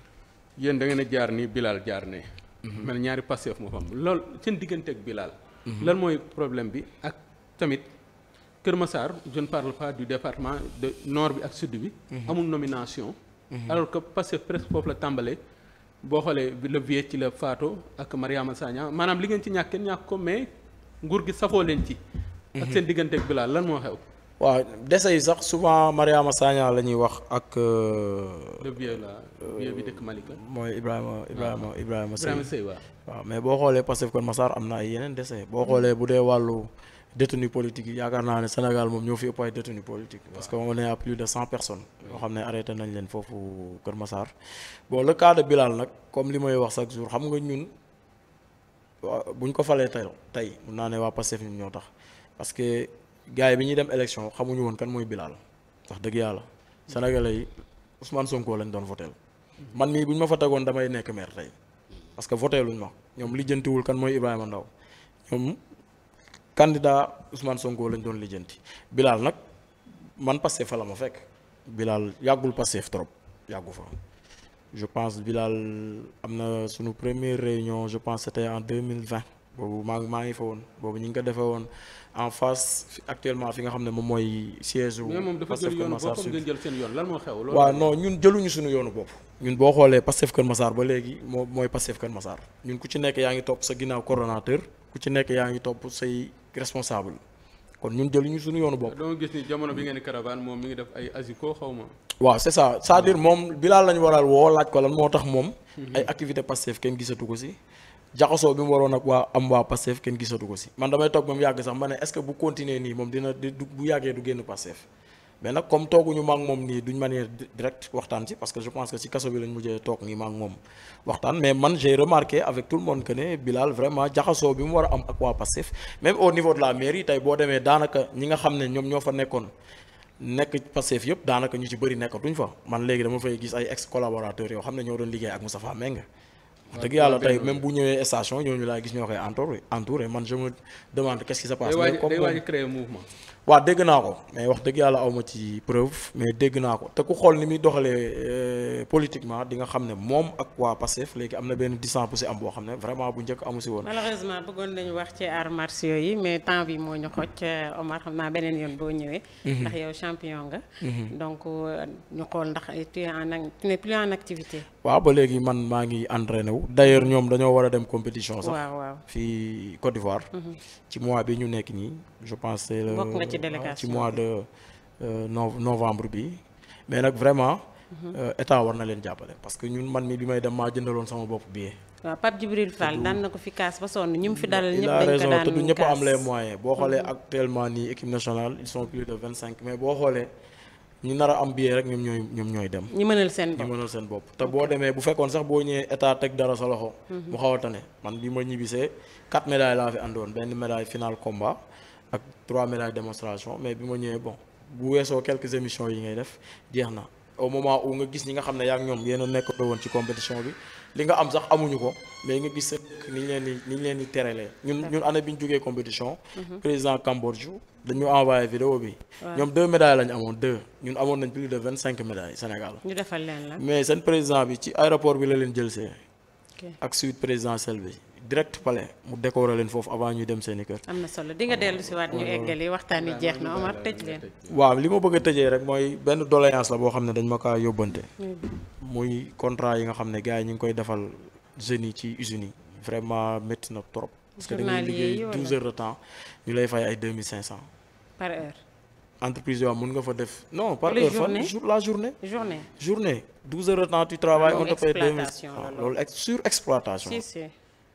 yéen da ngeen a jaar ni Bilal jaar ne mel mhm. ñaari Pastef moo fa am loolu seen diggante ak Bilal. Mhm. lan mooy problème bi ak tamit Kër Massar je ne parle pas du département de noor bi ak sud bi. Mhm. amul nomination. alors que Pastef presque foofu la tàmbalee boo xoolee le vieux ci la Fatou ak Mariama Sagna maanaam li ngeen ci ñàkk ñàkk ko mais nguur gi safoo leen ci. ak seen diggante ak Bilal lan moo xew. waaw dese yi sax souvent Mariama Sagna la ñuy wax ak. Euh, le vieux là vieux bi dëkk Malika. Euh, mooy Ibrahima Ibrahima ah. Ibrahima Seye waaw mais boo xoolee Pastef Kër Massar am na ay yeneen dese boo xoolee bu dee wàllu détenu politique yi yaakaar naa ne Sénégal moom ñoo fi ëpp ay détenu politique. parce que on est plus de cent personnes. yoo xam ne arrêté nañ leen foofu Kër Massar. bon le cas de nag comme li may wax chaque jour xam nga ñun buñ ko falee tey tey mun naa ne waa Pastef ñun ñoo tax gars yi bi ñuy dem élection xamuñu woon kan mooy Bilal wax dëgg yàlla sénégalais yi Ousmane Sonko lañu doon votel man mii bu ñu ma fa tegoon damay nekk maire tey parce que voté luñ ma ñoom lijjantiwul kan mooy Ibrahima Ndaw ñoom candidat Ousmane Sonko lañ doon lijjanti Bilal nag man Pastef fa la ma fekk Bilal yàggul Pastef trop yàggu fa je pense bilaal am na suñu première réunion je pense c'était en 2020 boobu maa maa ngi fa woon boobu ñu ngi ko defee woon en face actuellement fi nga xam ne moom mooy siège wu. Pastef Kër Massar Sud waaw non ñun jëluñu suñu yoonu bopp. ñun boo xoolee Pastef Kër Massar ba léegi moo mooy Pastef Kër Massar ñun ku ci nekk yaa ngi topp sa ginnaaw coordonnateur ku ci nekk yaa ngi topp say responsable kon ñun ñu suñu yoonu bopp. dama gis ni jamono bi ngeen di caravane moom mi ngi def ay asiko xaw ma. waaw c'est ça waral woo laaj lan moo tax moom. Mhm. ay activité Pastef kenn gisatu ko si jaxasoo bi mu waroon ak waa am waa Pastef kenn gisatu ko si man damay toog ba mu yàgg sax ma ne est-ce que bu continuer nii moom dina du bu yàggee du génn Pastef mais nag comme tooguñu ma ak moom si kaso bi lañ mujjee toog nii ma ak moom waxtaan mais man j'ai remarqué avec tout monde que ne Bilal jaxasoo bi mu war a am ak waa Pastef même au niveau de la mairie tey boo demee daanaka ñi nga xam ne ñoom ñoo fa nekkoon nekk Pastef yëpp daanaka ñu ci bëri nekkatuñ fa man léegi dama fay gis ay ex collaborateurs yoo xam ne ñoo doon liggéey ak Moustapha Mbengue dëgg yàlla tey même bu ñëwee station ñooñu laa gis ñoo koy entouré entouré man je demande qu'est-ce qui se passe. day créer mouvement. waaw dégg naa ko mais wax dëgg yàlla awma ci preuve mais dégg naa ko te ku xool ni muy doxalee euh, politiquement di nga xam ne moom ak waa Pastef léegi am na benn distance bu si am boo xam ne vraiment bu njëkk amu si woon. malheureusement bëggoon nañu wax ci arts martiaux yi mais temps bi moo ñu xoj euh, Omar xam naa beneen yoon boo ñëwee. Mhm. ndax yow champion nga. Mhm. donc euh, ñu xool ndax tu es en tu n'es plus en activité. waaw ba léegi man maa ngi entraîné wu d'ailleurs ñoom dañoo war a dem compétition sax. waaw waaw fii Côte d'Ivoire. Mhm. ci mois bi ñu nekk nii. je pense c'est le ci mois de euh, novembre bi mais nag vraiment mhm. euh, état war na leen jàppale parce que ñun man mi bi may dem maa jëndaloon sama bopp billet waaw Pape Djibril Fall daan na ko fi kaas ba sonn ñu mu fi dalal ñëpp dañ ko daan te boo xoolee mhm. actuellement nii équipe nationale ils sont plus de vingt cinq mais boo xoolee ñi nar a am billet rek ñoom ñooy ñoom ñooy dem ñu mënal seen bopp seen bopp te boo demee bu fekkoon sax boo ñëwee état teg dara sa loxo mhm. mu xaw a tane man bi ma ñibbisee quatre fi àndoon benn trois médailles démonstration mais bi ma ñëwee bon bu weesoo quelques émissions yi ngay def jeex na au moment où nga gis ñi nga xam ne yaa ngi ñoom yéen a nekk woon ci compétition bi li nga am sax amuñu ko mais nga gis ni leen di ni leen di ñun ñun bi ñu jógee compétition mhm. président Cambodge dañu envoyé vidéo bi ñoom deux médailles lañu amoon deux ñun amoon nañ plus de vingt cinq médailles Sénégal mais seen président bi ci aéroport bi direct palais mu décorer leen foofu avant ñu dem seen i kër. am na solo di nga dellu si waat ñu eggali waxtaan wi jeex na Omar tëj leen. waaw li ma bëgg a tëjee rek mooy benn doléance la boo xam ne dañ ma kaa yóbbante. muy contrat yi nga xam ne gars yi ñu ngi koy defal jeunes yi ci usines yi vraiment métti na trop. parce que da ngay liggéey 12 heures ñu lay fay ay 2500. par heure. entreprise yoo mun nga fa def. non par heure fan la journée. journée journée 12 heures de temps tu travailles on te paye 2000. Ah, sur exploitation.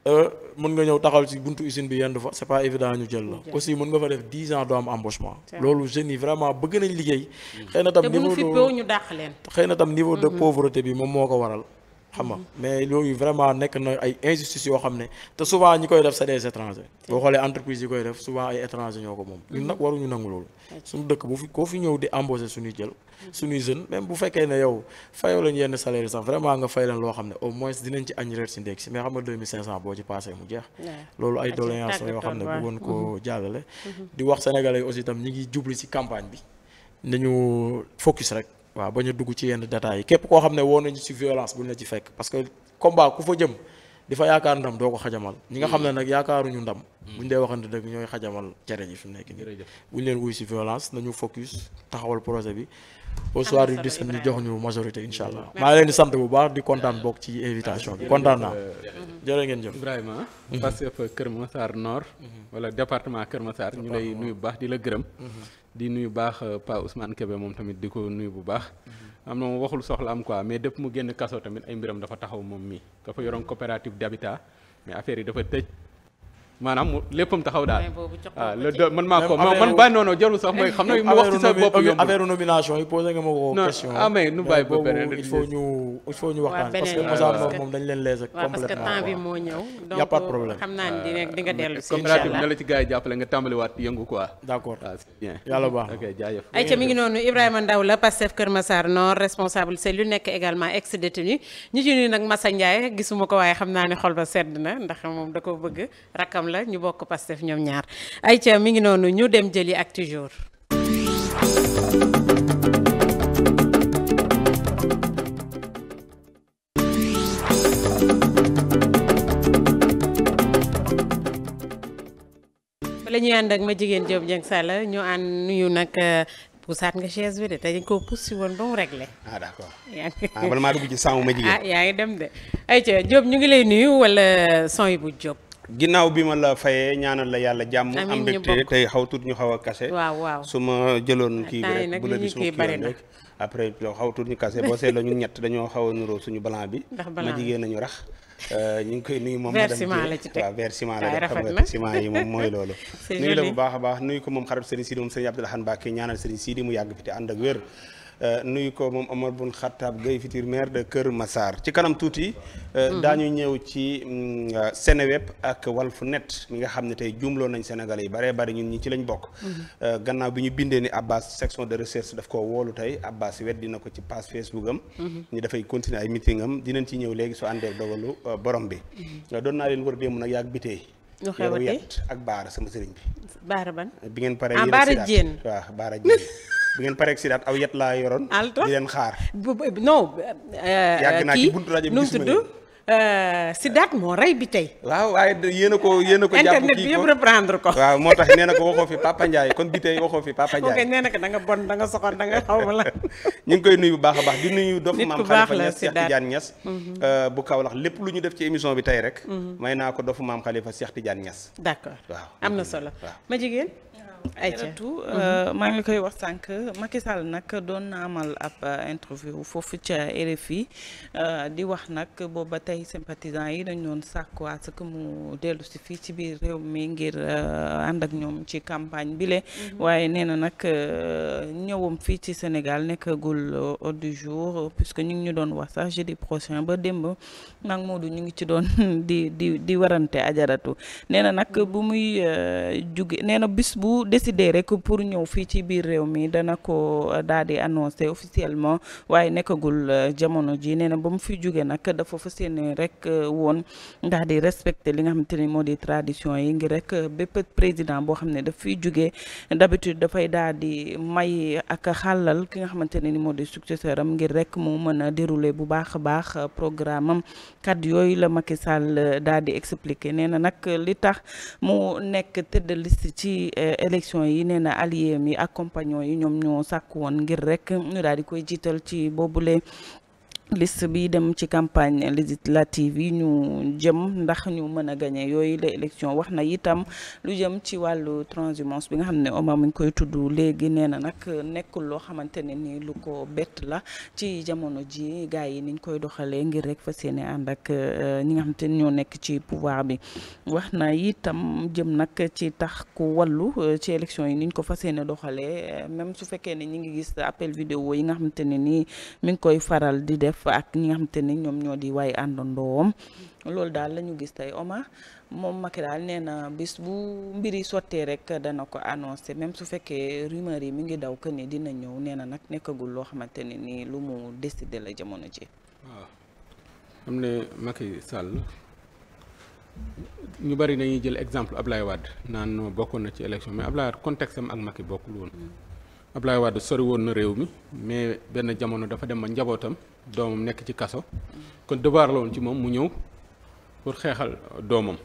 Euh, mën nga ñëw taxaw ci buntu usine bi yendu fa c'est pas évident ñu jël la aussi mën nga fa def dix ans doo am embauchement loolu jeunes yi vraiment bëgg nañ liggéey xëy na tam niveau de xëy na tam niveau de mhm. pauvreté bi moom moo ko waral xam nga mais loolu vraiment nekk na ay injustice yoo xam ne te souvent ñi koy def c'est des étrangers boo xoolee entreprise yi koy def souvent ay étrangers ñoo ko moom ñun nag waruñu nangu loolu suñu dëkk bu fi koo fi ñëw di embaucher suñuy jël suñuy jeune même bu fekkee ne yow fayoo leen yenn salaire sax vraiment nga fay leen loo xam ne au moins dinañ ci añ reer si ndéeg si mais xam nga 2500 boo ci passé mu jeex loolu ay doléance la yoo xam ne bëggoon ko mm-hmm. jàllale mm-hmm. di wax sénégalais aussi itam waaw bañ dugg ci yenn détails yi képp koo xam ne woo nañu ci violence buñ la ci fekk parce que combat ku fa jëm di fa yaakaar ndam doo ko xajamal ñi nga xam ne nag yaakaaruñu ndam hmm. buñ dee waxante dëgg ñooy xajamal cere ji fi mu nekk nii buñ leen wuy ci violence nañu focus taxawal projet bi au soir di 17 ñu jox ñu majorité insha allah maa leen di sant bu baax di kontaan bokk ci invitation bi kontaan naa jërë ngeen jëf Ibrahima Pastef mhm. Kër Massar Nord mhm. wala département Kër Massar ñu lay nuyu bu baax di la gërëm mhm. di nuyu baax euh, Pa Ousmane kebe moom tamit di ko nuyu bu baax. Mm-hmm. am na moom waxul soxlaam quoi mais dëpp mu génn kaso tamit ay mbiram dafa taxaw moom mi dafa yoroon coopérative d'habitat mais affaire yi dafa tëj. maanaam mu léppam taxaw daal waaw ah, man maa ko man bàyyi noonu jarul sax mooy xam na mu wax ci sa bopp yombul affaire nomination yi posé nga ma ko question ah mais nu bàyyi ba il faut ñu il a pas de problème naa ne dina di nga euh, dellu si coopérative jàppale nga tàmbaliwaat yëngu quoi d'accord ah, ay ca mi noonu Ibrahima Ndaw la Pastef Kër Massar Nord responsable cellule nekk également ex ñu ci nag Massa Ndiaye gisuma ko waaye xam naa ne xol ba sedd na ndax moom da ko bëgg rakkam la ñu bokk Pastef ñoom ñaar ayca mi ngi noonu ñu dem jëli ak toujours. la ñuy ànd ak ma jigéen Diop Dieng Sall ñu ànd nuyu nag euh, pusaat nga chaise bi de te dañ koo pussi woon ba mu réglé. ah, ah maa dugg ci sàmm ma jigéen. [LAUGHS] Ah, yaa ngi dem de ayca Diop ñu ngi lay nuyu wala euh, son yi bu ginnaaw bi ma la fayee ñaanal la yàlla jàmm. am mbégte tey xaw tuut ñu xaw a kase. waaw waaw su ma jëloon kii bi rek bu la di su ma kii rek après xaw tuut ñu kase boo seetloo ñu ñett dañoo xaw a nuroo suñu balan bi. ma jigéen nañu rax. Euh, ñu ngi koy nuyu moom versement la ci teg waaw versement la def xam nga ciment yi moom mooy loolu [LAUGHS] nuyu la bu baax a baax nuyu moom xarit Serigne Sidi moom Serigne Abdoulaye Mbacke ñaanal Serigne Sidi mu yàgg fi te ànd ak wér Euh, nuyu ko moom Omar Bun Khattab Gueye futur maire de Kër Massar ci kanam tuuti. Euh, mhm. daañu ñëw ci mm, euh, Seneweb ak Walf Net mi nga xam ne tey juumloo nañ senegal yi baree bari ñu ñu ci lañ bokk. Mhm. gannaaw bi ñu bindee ni Abbas section de recherche daf ko woolu tey Abbas weddi na ko ci page Facebook am. ñu mhm. dafay continuer ay meeting am ci ñëw léegi su àndee dogalu borom bi. doon naa leen wër démb nag yàgg bi tey. ñu xew ak baara sama sëriñ bi. baara ban. bi ah, a si [LAUGHS] bu ngeen paree sidaat aw yet laa yoroon. alto di leen xaar. non. Euh, euh, yàgg naa ci buntu rajo bi gis euh, moo rey bi tey. waaw waaye yéen a ko yéen ko. jàpp internet bi yëpp reprendre ko. waaw moo tax nee na ko waxoo fi Papa Ndiaye kon bi tey waxoo fi Papa Ndiaye. ok nee na ko da nga bon da nga soxor da nga xaw ma la. [LAUGHS] ñu ngi koy nuyu bu baax a baax di nuyu. dof maam Khalifa Niass Cheikh Tidiane Niass. Mhm. lépp lu ñu def ci émission bi tey rek. Mhm. may naa ko dofu maam Khalifa Cheikh Tidiane Niass. d'accord am na solo ayratu euh, mhm. maa ngi koy wax sànq Macky Sall nag doon na amal ab euh, interview foofu ca RFI euh, di wax nag booba tey sympathisant yi dañ doon sàkku à ce que mu dellu si fii ci biir réew mi ngir ànd ak ñoom ci campagne bile mhm. waaye nee na nag ñëwam fii ci Sénégal nekkagul ordre du jour puisque ñu ngi ñu doon wax sax jeudi prochain ba démb nag du ñu ngi ci doon [LAUGHS] di di di warante ajaratu nee na mhm. bu muy juge nee bis bu décidé rek pour ñëw fii ci biir réew mi dana ko euh, daal di annoncé officiellement waaye nekkagul euh, jamono ji nee na ba mu fi jóge nag dafa fas yéene rek euh, woon daal di respecté li nga xamante ni moo di tradition yi ngir rek bépp président boo xam ne daf fi jóge d'habitude dafay daal di may ak xàllal ki nga xamante ne ni moo di successeur am ngir rek mu mën a dérouler bu baax a baax programme am kàddu yooyu la Macky Sall daal di expliqué nee na nag li tax mu nekk tëdd liste ci élection élection yi nee na allié mi ak yi ñoom ñoo sàkk woon ngir rek ñu daal di koy jiital ci boobule list bii dem ci campagne législative yi ñu jëm ndax ñu mën a gagné yooyu la élection wax na itam lu jëm ci wàllu transhumance bi nga xam ne Omar mi ngi koy tudd léegi nee na nag nekkul loo xamante ne ni lu ko bett la ci jamono ji gars yi niñ koy doxalee ngir rek fa yéene ànd ak euh, ñi nga xamante ni ñoo nekk ci pouvoir bi wax na itam jëm nag ci tax ku wallu euh, ci élection yi niñ ko fas yéene doxalee euh, même su fekkee ne ñi ngi gis appel vidéo yi nga xamante ne ni mi ngi koy faral di def def ak ñi nga xamante ne ñoom ñoo di waaye àndandoom loolu daal lañu gis tey Omar moom Macky daal nee na bis bu mbir yi sottee rek dana ko annoncé même su fekkee rumeur yi mi ngi daw que ni dina ñëw nee na nag nekkagul loo xamante ne nii lu mu décidé la jamono ji. waaw xam ne Macky Sall ñu bari dañuy jël exemple Ablaye waat naan bokkoon na ci élection mais Ablaye Wade contexte am ak Macky bokkul woon. Mm. Ablaye Wade sori woon na réew mi mais benn jamono dafa dem ba njabootam doomam nekk ci kaso kon devoir ci moom mu ñëw pour xeexal doomam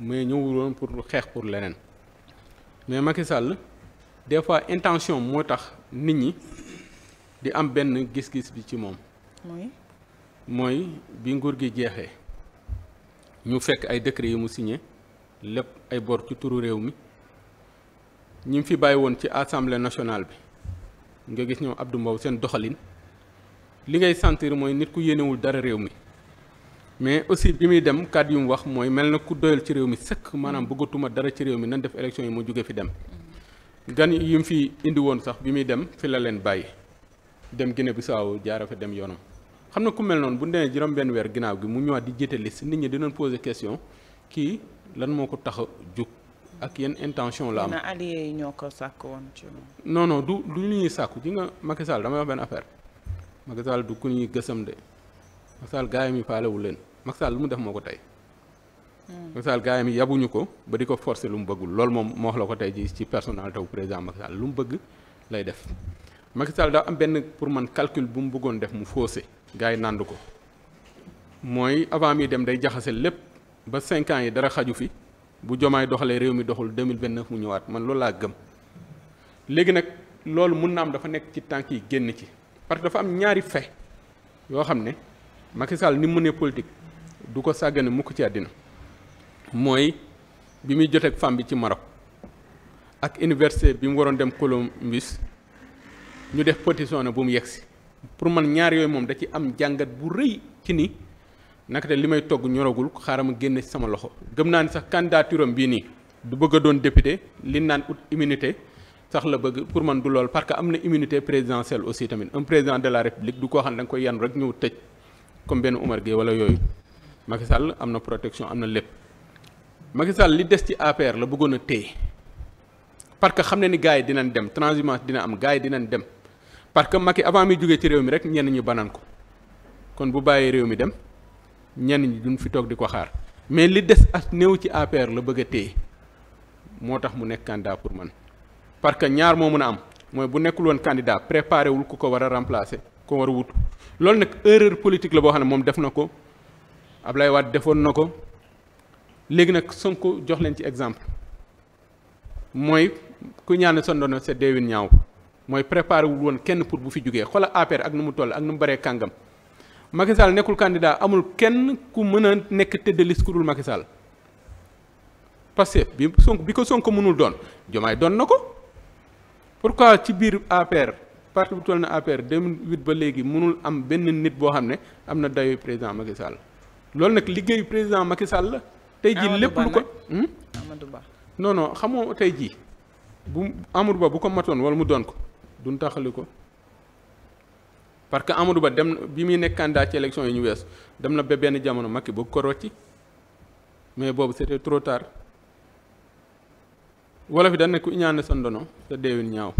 mais ñëwul woon pour xeex pour leneen mais Macky des fois intention moo tax nit ñi di am benn gis-gis bi ci moom. mooy bi nguur gi jeexee ñu fekk ay décret yi mu signé lépp ay bor ci turu réew mi. ñi fi bàyyi woon ci assemblée nationale bi nga gis ñoom Abdou Mbow seen doxalin li ngay sentir mooy nit ku yéenewul dara réew mi mais aussi bi muy dem kàddu yu mu wax mooy mel na ku doyal ci réew mi sëkk maanaam bëggatuma dara ci réew mi nan def élection yi mu jóge fi dem gan yi mu fi indi woon sax bi muy dem fi la leen bàyyi dem Guinée Bissau jaara fa dem yoonam xam na ku mel noonu bu ñu juróom-benn weer ginnaaw gi mu ñëwaat di jiite liste nit ñi dinañ poser question kii lan moo ko tax a jóg ak yenn intention la am na allié yi ñoo ko sàkk woon ci moom. non du du ñuy sàkku ci nga Macky Sall dama benn affaire Macky du ku ñuy gësam de Macky Sall gaayam yi faalewul leen Macky lu mu def moo ko tey. Hmm. Macky Sall gaayam yi yabuñu ko ba di ko forcer lu mu bëggul lool moom moo wax la ko tey ji ci personnalité wu président Macky lu mu bëgg lay def Macky Sall benn pour man calcule bu mu bëggoon def mu faussé gars yi nànd ko mooy avant mi dem day jaxase lépp ba cinq yi dara xaju fi. bu jomaay doxalee réew mi doxul 2029 mu ñëwaat man loolu laa gëm léegi nag loolu mun na am dafa nekk ci tànk yi génn ci parce que dafa am ñaari fe yoo xam ne Macky Sall mu mënee politique du ko sàggane mukk ci àddina mooy bi muy joteeg femme bi ci Maroc ak université bi mu waroon dem Columbus ñu def pétition na bu mu yegsi pour man ñaari yooyu moom da ci am jàngat bu rëy ci ni naka te li may togg ñoragul xaaral ma génne sama loxo gëm naa ni sax candidature am bii nii du bëgg doon député li naan ut immunité sax la bëgg pour man du lool parce que am na immunité présidentielle aussi tamit un président de la république du koo xam ne da nga koy yan rek ñëw tëj comme benn Umar wala yooyu Macky Sall am na protection am na lépp Macky Sall li des ci APR la bëggoon a téye parce que xam na ni gars yi dinañ dem transhumance dina am gars yi dinañ dem parce que Macky avant mi jógee ci réew mi rek ñenn ñu banaan ko kon bu bàyyee réew mi dem. ñenn ñi duñ fi toog di ko xaar mais li des at néew ci APR la bëgg a téye moo tax mu nekk candidat pour man parce que ñaar moo mën a am mooy bu nekkul woon candidat préparé wul ku ko war a remplacer ko war a wut loolu nag erreur politique la boo xam ne moom def na ko Ablaye Wade defoon na ko léegi nag Sonko jox leen ci exemple mooy ku ñaan sa ndono sa deewin ñaaw mooy préparé wul woon kenn pour bu fi jugee xoola APR ak nu mu toll ak nu mu baree kàngam. Macky Sall nekkul candidat amul kenn ku mën a nekk tête de liste ku dul Macky Sall bi sonk bi ko sonk mënul doon Diomaye doon na ko pour pourquoi ci biir APR parti bu toll na APR 2008 ba léegi mënul am benn nit boo xam ne am na dayooy président Macky loolu nag liggéeyu président Macky Sall la tey jii lépp lu ko hmm? Amadou Ba non non xamoo tey jii bu Amadou Ba bu ko matoon wala mu doon ko duñ taxali ko parce que Amadou Ba dem bi muy nekk candidat ci élection yi ñu wees dem na ba benn jamono Macky bëgg ko rocci mais boobu c'était trop tard wolof yi dañ ku ñaan sa ndono sa deewin ñaaw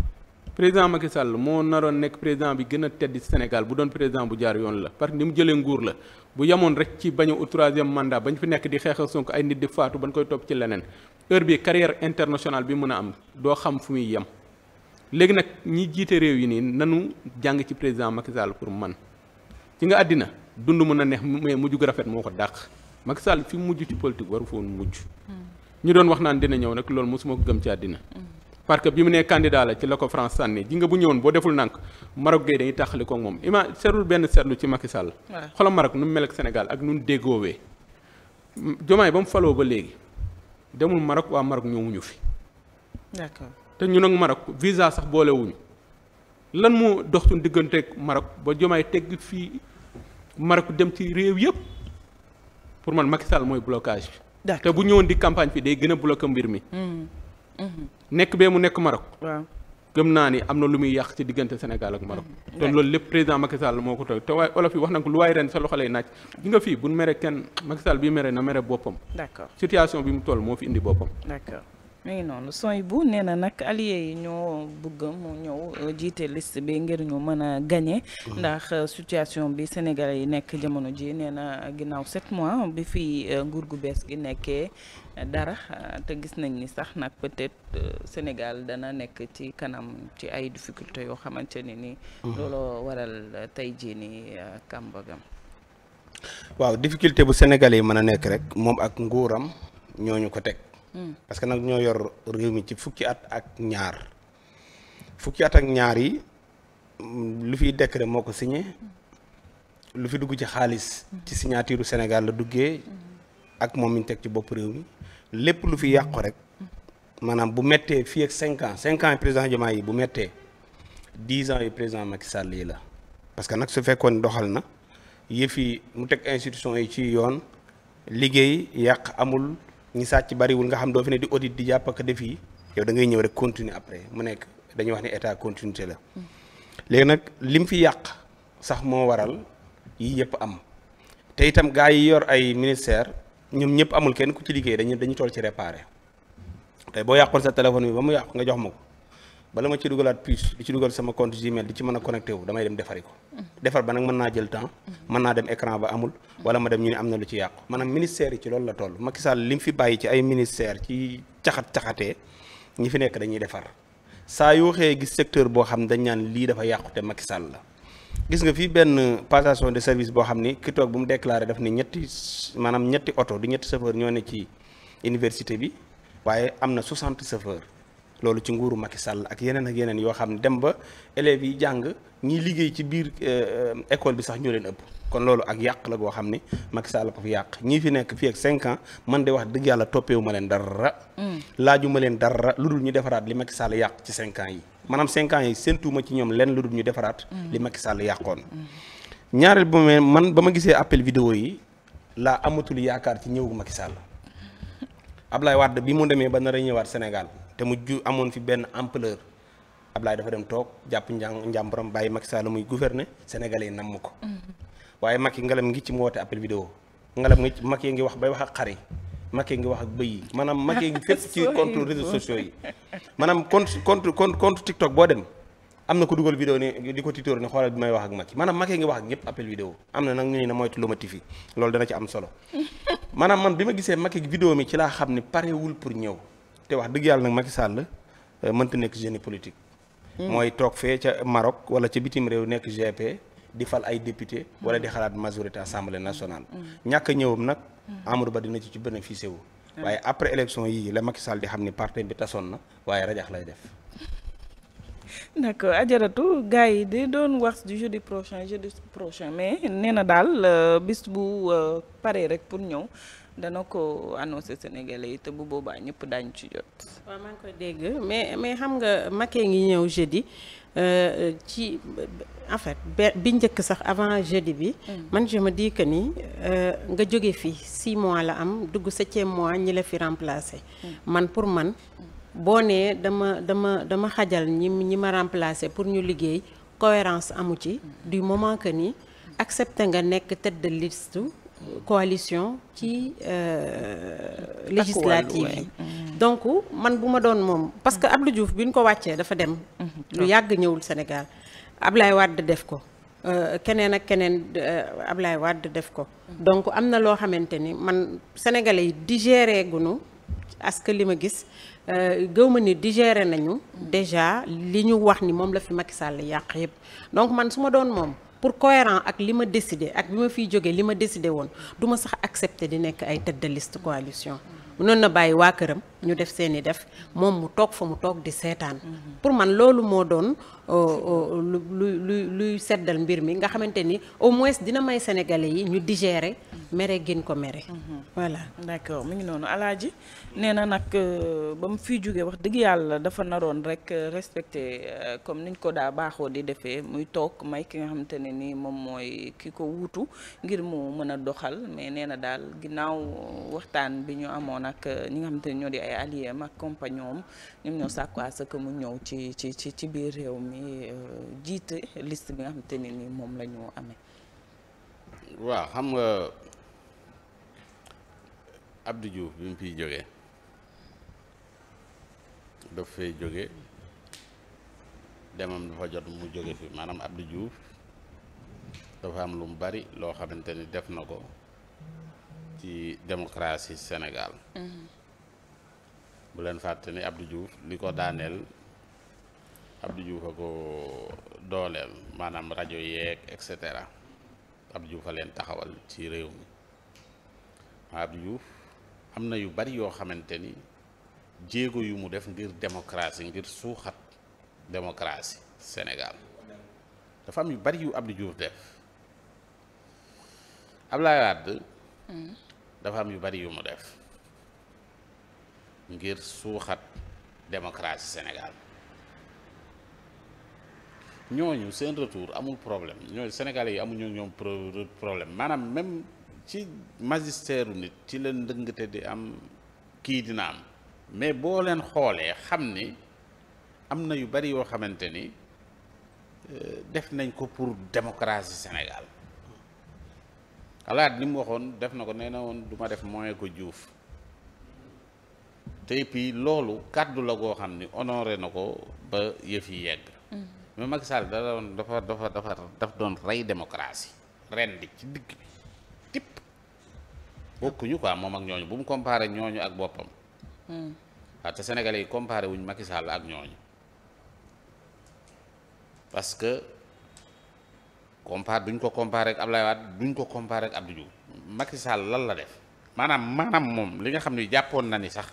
président Macky Sall moo naroon nekk président bi gën a tedd ci Sénégal bu doon président bu jaar yoon la parce que ni mu jëlee nguur la bu yemoon rek ci bañ a troisième mandat bañ fi nekk di xeexal Sonko ay nit di faatu bañ koy topp ci leneen heure bi carrière internationale bi mën a am doo xam fu muy yem. léegi nag ñi jiite réew yi nii nanu jàng ci président Macky Sall pour man ci nga àddina dund mën a neex mais mujj gu rafet moo ko dàq Macky Sall fi mujj ci politique waru foon mujj hmm. ñu doon wax naan dina ñëw nag loolu mosuma ko gëm ci àddina hmm. parce que bi mu nee candidat la ci la ko France sànni ji nga bu ñëwoon boo deful nànk Maroc gay dañuy tàqali ko moom ima seetul benn seetlu ci Macky Sall xoolal Maroc nu mu mel ak Sénégal ak nu mu déggoowee jomaay ba mu falo ba léegi demul Maroc waa Maroc ñëwuñu fi d'accord te ñun ak Maroc visa sax boolewuñu lan moo dox suñu digganteeg Maroc ba jomaay tegg fii Maroc dem ci réew yëpp pour man Macky Sall mooy blocage bi. te bu ñëwoon di campagne fii day gën a bloqué mbir mi. Mm. Mm-hmm. nekk bee mu nekk Maroc. waaw gëm naa ni am na lu muy yàq ci diggante Sénégal ak Maroc. Mm-hmm. te loolu lépp président Macky Sall moo ko toog te waaye olof yi wax na ko lu waay ren sa loxo lay naaj. gi nga fii bu mere kenn Macky bi mere na mere boppam. d'accord situation bi mu toll moo fi indi boppam. d'accord. mi ngi noonu sooy bu nee na nag allié yi ñoo bëgg mu ñëw euh, jiite liste bi ngir ñu mën a gagné. Mm-hmm. ndax euh, situation bi Sénégalais yi nekk jamono ji nee na ginnaaw set mois bi fii euh, nguur gu bees gi nekkee dara te gis nañ ni sax nag peut-être Sénégal dana nekk ci kanam ci ay difficultés yoo xamante ne ni. Mm-hmm. looloo waral tey jii nii kàmbagam. waaw difficulté bu sénégal yi mën a nekk rek moom ak nguuram ñooñu ko teg. Hmm. parce que nag ñoo yor réew mi ci fukki at ak ñaar fukki at ak ñaar yi lu fiy décret moo ko signé lu fi dugg ci xaalis hmm. ci signature Sénégal la duggee hmm. ak moom mi teg ci bopp réew mi lépp lu fi yàqu rek maanaam bu mettee fii ak cinq ans cinq yi président Diomaye yi bu mettee dix ans yi président Macky Sall yi la parce que nag su fekkoon doxal na yëf yi mu teg institution yi ci yoon liggéey yàq amul ñi sàcc bariwul nga xam doo fi ne di audit di jàpp ak def yi yow da ngay ñëw rek continuer après mu nekk dañuy wax ne état continuité la léegi nag li mu fi yàq sax moo waral yi yëpp am te itam gars yi yor ay ministère ñoom ñëpp amul kenn ku ci liggéey dañu dañu tool ci réparé te boo yàqoon sa téléphone bi ba mu yàq nga jox ma ko bala ma ci dugalaat puce di ci dugal sama compte Gmail di ci mën a connecté wu damay dem defari ko defar ba nag mën naa jël temps mën naa dem écran ba amul wala ma dem ñu ne am na lu ci yàqu maanaam ministère yi ci loolu la toll Macky Sall li mu fi bàyyi ci ay ministère ci caxat-caxatee ñi fi nekk dañuy defar saa yoo xëyee gis secteur boo xam ne dañ naan lii dafa yàqu te Macky Sall la gis nga fii benn passation de service boo xam ni ki toog bu mu déclaré daf ni ñetti maanaam ñetti oto du ñetti chauffeur ñoo ne ci université bi waaye am na 60 chauffeur loolu ci nguuru Macky Sall ak yeneen ak yeneen yoo xam ne dem ba élèves yi jàng ñiy liggéey ci biir euh, euh, école bi sax ñoo leen ëpp kon loolu ak yàq la goo xam ne Macky Sall ko fi yàq ñi fi nekk fii ak 5 man de wax dëgg yàlla toppeewu ma leen dara. Mm. laaju ma leen dara lu dul ñu defaraat li Macky Sall yàq ci 5 yi maanaam 5 yi séentuuma ci ñoom lenn lu dul ñu defaraat. Mm. li Macky Sall yàqoon. Mm. ñaareel bu ma man ba ma gisee appel vidéo yi laa amatul yaakaar ci ñëw Macky Sall Ablaye Wade bi mu demee ba nar a ñëwaat Sénégal te mu ju amoon fi benn ampleur Ablaye dafa dem toog jàpp njàng njàmburam bàyyi saa Sall muy gouverner Sénégalais yi namm ko. Mm-hmm. waaye Macky ngalam ngi ci mu woote appel vidéo ngalam ngi ci Macky ngi wax bay wax ak xar yi Macky ngi wax ak bëy yi maanaam Macky ngi ci [LAUGHS] maanaam compte compte compte compte boo dem. na ko dugal vidéo ni di ko wax ak Macky maanaam Macky ngi wax ak ñëpp appel vidéo am na nag ñu ne na moytu lu ma tifi loolu dana ci am solo [LAUGHS] maanaam man bi ma gisee Macky vidéo mi ci laa xam ne parewul pour ñëw te wax dëgg yàlla nag Macky Sall euh, mënta nekk génie politique. Hmm. mooy toog fee ca Maroc wala ca bitim réew nekk GP di fal ay député wala di hmm. xalaat majorité assemblée nationale. Hmm. ñàkk a ñëwam nag. Amadou Ba dina ci ci bénéficier wu. waaye après élection yii la Macky Sall di xam ni parti bi tasoon na waaye rajax lay def. [LAUGHS] d'accord ajaratu gars yi di doon wax du jeudi prochain jeudi prochain mais nee na daal euh, bis bu euh, paree rek pour ñëw. dana ko annoncé Sénégalais yi te bu boobaa ñëpp daañu ci jot. waaw maa ngi koy dégg mais mais xam nga Macky ngi ñëw jeudi euh, ci en fait bi njëkk sax avant jeudi bi. Hmm. man je me dis que ni euh, nga jóge fi 6 mois la am dugg sa septième mois ñi la fi remplacé. Hmm. man pour man boo nee dama dama dama xajal ñi ñi ma remplacé pour ñu liggéey cohérence amu ci hmm. du moment que ni accepte nga nekk tête de liste. coalition ci euh, législative yi mm. donc man bu ma doon moom parce que Abdou Diouf bi ñu ko wàccee dafa dem mm-hmm. lu yàgg ñëwul Sénégal Ablaye wàdd def ko euh, keneen ak keneen euh, Ablaye wàdd def ko mm-hmm. donc am na loo xamante ni man sénégalais yi digéré gunu parce que li ma gis gëw ma ni digéré nañu mm. déjà li ñu wax ni moom la fi Macky Sall yàq yëpp donc man su ma doon moom pour cohérent ak li ma décidé ak bi ma fiy jógee li ma décidé woon duma sax accepter di nekk ay tête de liste coalition mënoon na bàyyi waa këram ñu def seeni def moom mu toog fa mu toog di seetaan pour man loolu moo doon euh, euh, lu luy seddal mbir mi nga xamante ni au moins dina may sénégalais yi ñu digérer mere gën ko mere mhm. voilà d'accord mu ngi noonu alaaji nee na nag euh, ba mu fiy jóge wax dëgg yàlla dafa naroon rek respecté comme niñ ko daa baaxoo di defee muy toog may ki nga xamante ne ni moom mooy ki ko wuutu ngir mu mën a doxal mais nee na daal ginnaaw waxtaan bi ñu amoon ak ñi nga xamante ne ñoo di ay allié am ak compagnon am ñoom ñoo sàkku à ce mu ñëw ci ci ci ci biir réew mi euh, jiite liste bi nga moom la ñu waaw xam nga Abdou juuf bi mu fiy jógee daf fay jóge demam dafa jot mu jóge fi maanaam Abdou Diouf dafa am lu mu bari loo xamante ni def na ko ci démocratie senegal mm-hmm. bu leen fàtte ni Abdou Diouf li ko daaneel Abdou Diouf a ko dooleel maanaam rajo yeeg et cetera Abdou Diouf a leen taxawal ci réew mi Abdou Diouf am na yu bari yoo xamante ni jéego yu mu def ngir démocratie ngir suuxat démocratie Sénégal dafa am yu bari yu Abdou Diouf def Abdoulaye Wade hmm. dafa am yu bari yu mu def ngir suuxat démocratie Sénégal ñooñu seen retour amul problème ñooñu sénégalais yi amuñoo ñoom problème maanaam même ci magistère nit ci la ndëngte di am kii dina am mais boo leen xoolee xam ni am na yu bari yoo xamante ni euh, def nañ ko pour démocratie Sénégal alaat ni mu waxoon def na ko nee na du ma def moyen ko Diouf te puis loolu kàddu la goo xam ni honoré na ko ba yëf yi yegg. Mm-hmm. mais Macky Sall da doon dafa dafa dafa daf doon rey démocratie ren ci digg bi tipp bokkuñu quoi moom ak ñooñu bu mu ñooñu ak boppam. Mm. waaw te Sénégalais yi comparer wuñ Macky Sall ak ñooñu parce que comparé duñ ko comparé ak Ablaye Wade duñ ko comparé ak Abdou Diouf Macky Sall lan la def maanaam maanaam moom li nga xam ni jàppoon na ni sax.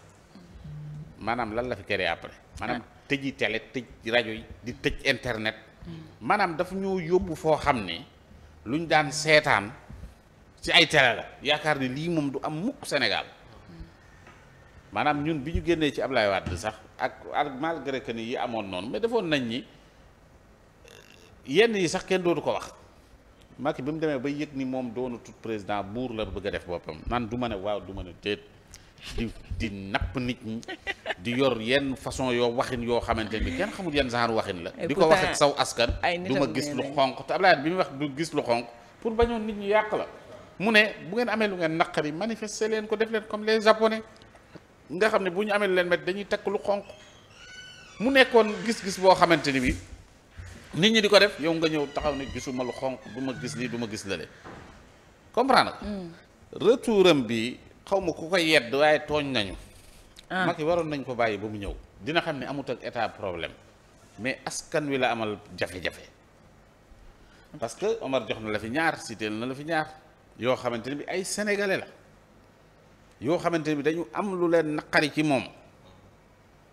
maanaam lan la fi créé après maanaam ah. tëji télé tëj rajo yi di tëj internet maanaam dafa ñoo yóbbu foo xam ne lu ñu daan seetaan ci ay télé la yaakaar ne lii moom du am mukk Sénégal maanaam ñun bi ñu génnee ci Ablaye Wade sax ak ak malgré que ni yi amoon noonu mais defoon nañ ñi yenn yi sax kenn dootu ko wax Macky bi mu demee ba yëg ni moom doonu tout président buur la bëgg a def boppam man du ma ne waaw du ma ne déet di di napp nit ñi di yor yenn façon yoo waxin yoo xamante bi kenn xamul yenn genre waxin la di ko wax ak saw askan du ma gis lu xonq te Abdoulaye bi muy wax du gis lu xonq pour bañoon nit ñi yàq la mu ne bu ngeen amee lu ngeen naqari manifester leen ko def leen comme les japonais nga xam ne bu ñu amee lu leen met dañuy takk lu xonq mu nekkoon gis-gis boo xamante ni bi nit ñi di ko def yow nga ñëw taxaw ne gisuma lu xonq du ma gis lii du ma gis lale comprendre nga mm. retouram bi xaw ma ku ko tooñ nañu Ah. Macky waroon nañ ko bàyyi ba mu ñëw dina xam ne amut ak état problème mais askan wi la amal jafe-jafe parce que Omar jox na la fi ñaar cité na la fi ñaar yoo xamante ne bi ay sénégalais la yoo xamante ne bi dañu am lu leen naqari ci moom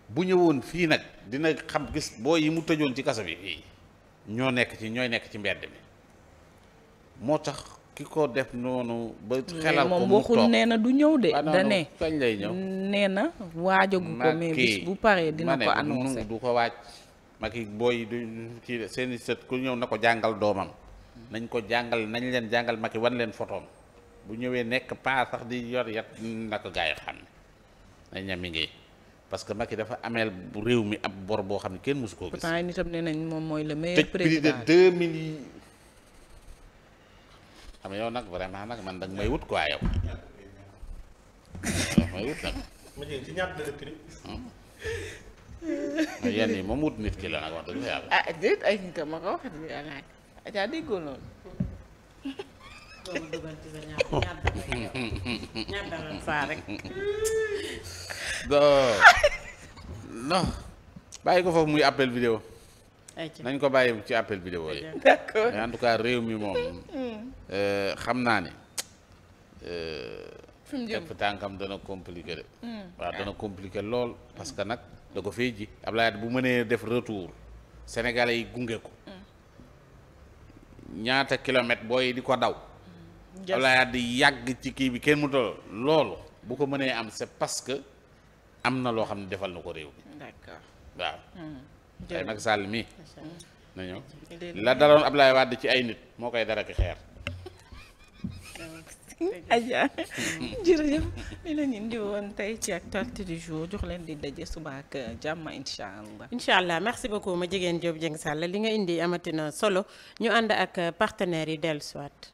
bu ñëwoon fii nag dina xam gis boo yi mu tëjoon ci kaso bi fii ñoo nekk ci ñooy nekk ci mbedd mi moo tax ki ko def noonu ba xelal ko moom waxul nee na du ñëw de. da ne kañ nee na waajagu ko mais bis bu paree dina ko annoncé du ko waaj mag yi booy du kii seeni sët ku ñëw na ko jàngal doomam nañ ko jàngal nañ leen jàngal mag yi wan leen photoom bu ñëwee nekk paa sax di yor yat na ko gaa yi xam ne na ñami ngi parce que Macky dafa ameel réew mi ab bor boo xam ne kenn mosu koo gis. pourtant ay nitam nee nañ moom mooy le meilleur président xam yow nag vraiment nag man danga may wut quoi yow. may wut nag. ma jël ci ñaata dëkk nii. yenn yi nit ay nit a ma ko wax dëgg yàlla ajaa déggoo loolu. non bàyyi ko foofu muy appel vidéo nañ ko bàyyi ci appel vidéo yi d'accord en tout cas réew mi moom mm. euh, xam naa ne euh, teg tànkam dana compliqué de mm. waaw dana compliqué lool parce que nag da ko fee ji Abdoulaye bu mënee def retour sénégalais yi gunge ko mm. ñaata kilomètre booy di ko daw Abdoulaye di yàgg ci kii bi kenn mu toll loolu bu ko mënee am c'est parce que am na loo xam ne defal na ko réew bi waaw ay Macky Sall mii la daloon Ablaye Wade ci ay nit moo koy dara ki xeer Adja [LAUGHS] jërëjëf li la ñu indi woon tey ci actualité du jour jox leen di daje suba ak euh, jàmm incha allah. incha allah merci beaucoup ma jigéen Diop Dieng Sall li nga indi amatina solo ñu ànd ak euh, partenaires yi dellu siwaat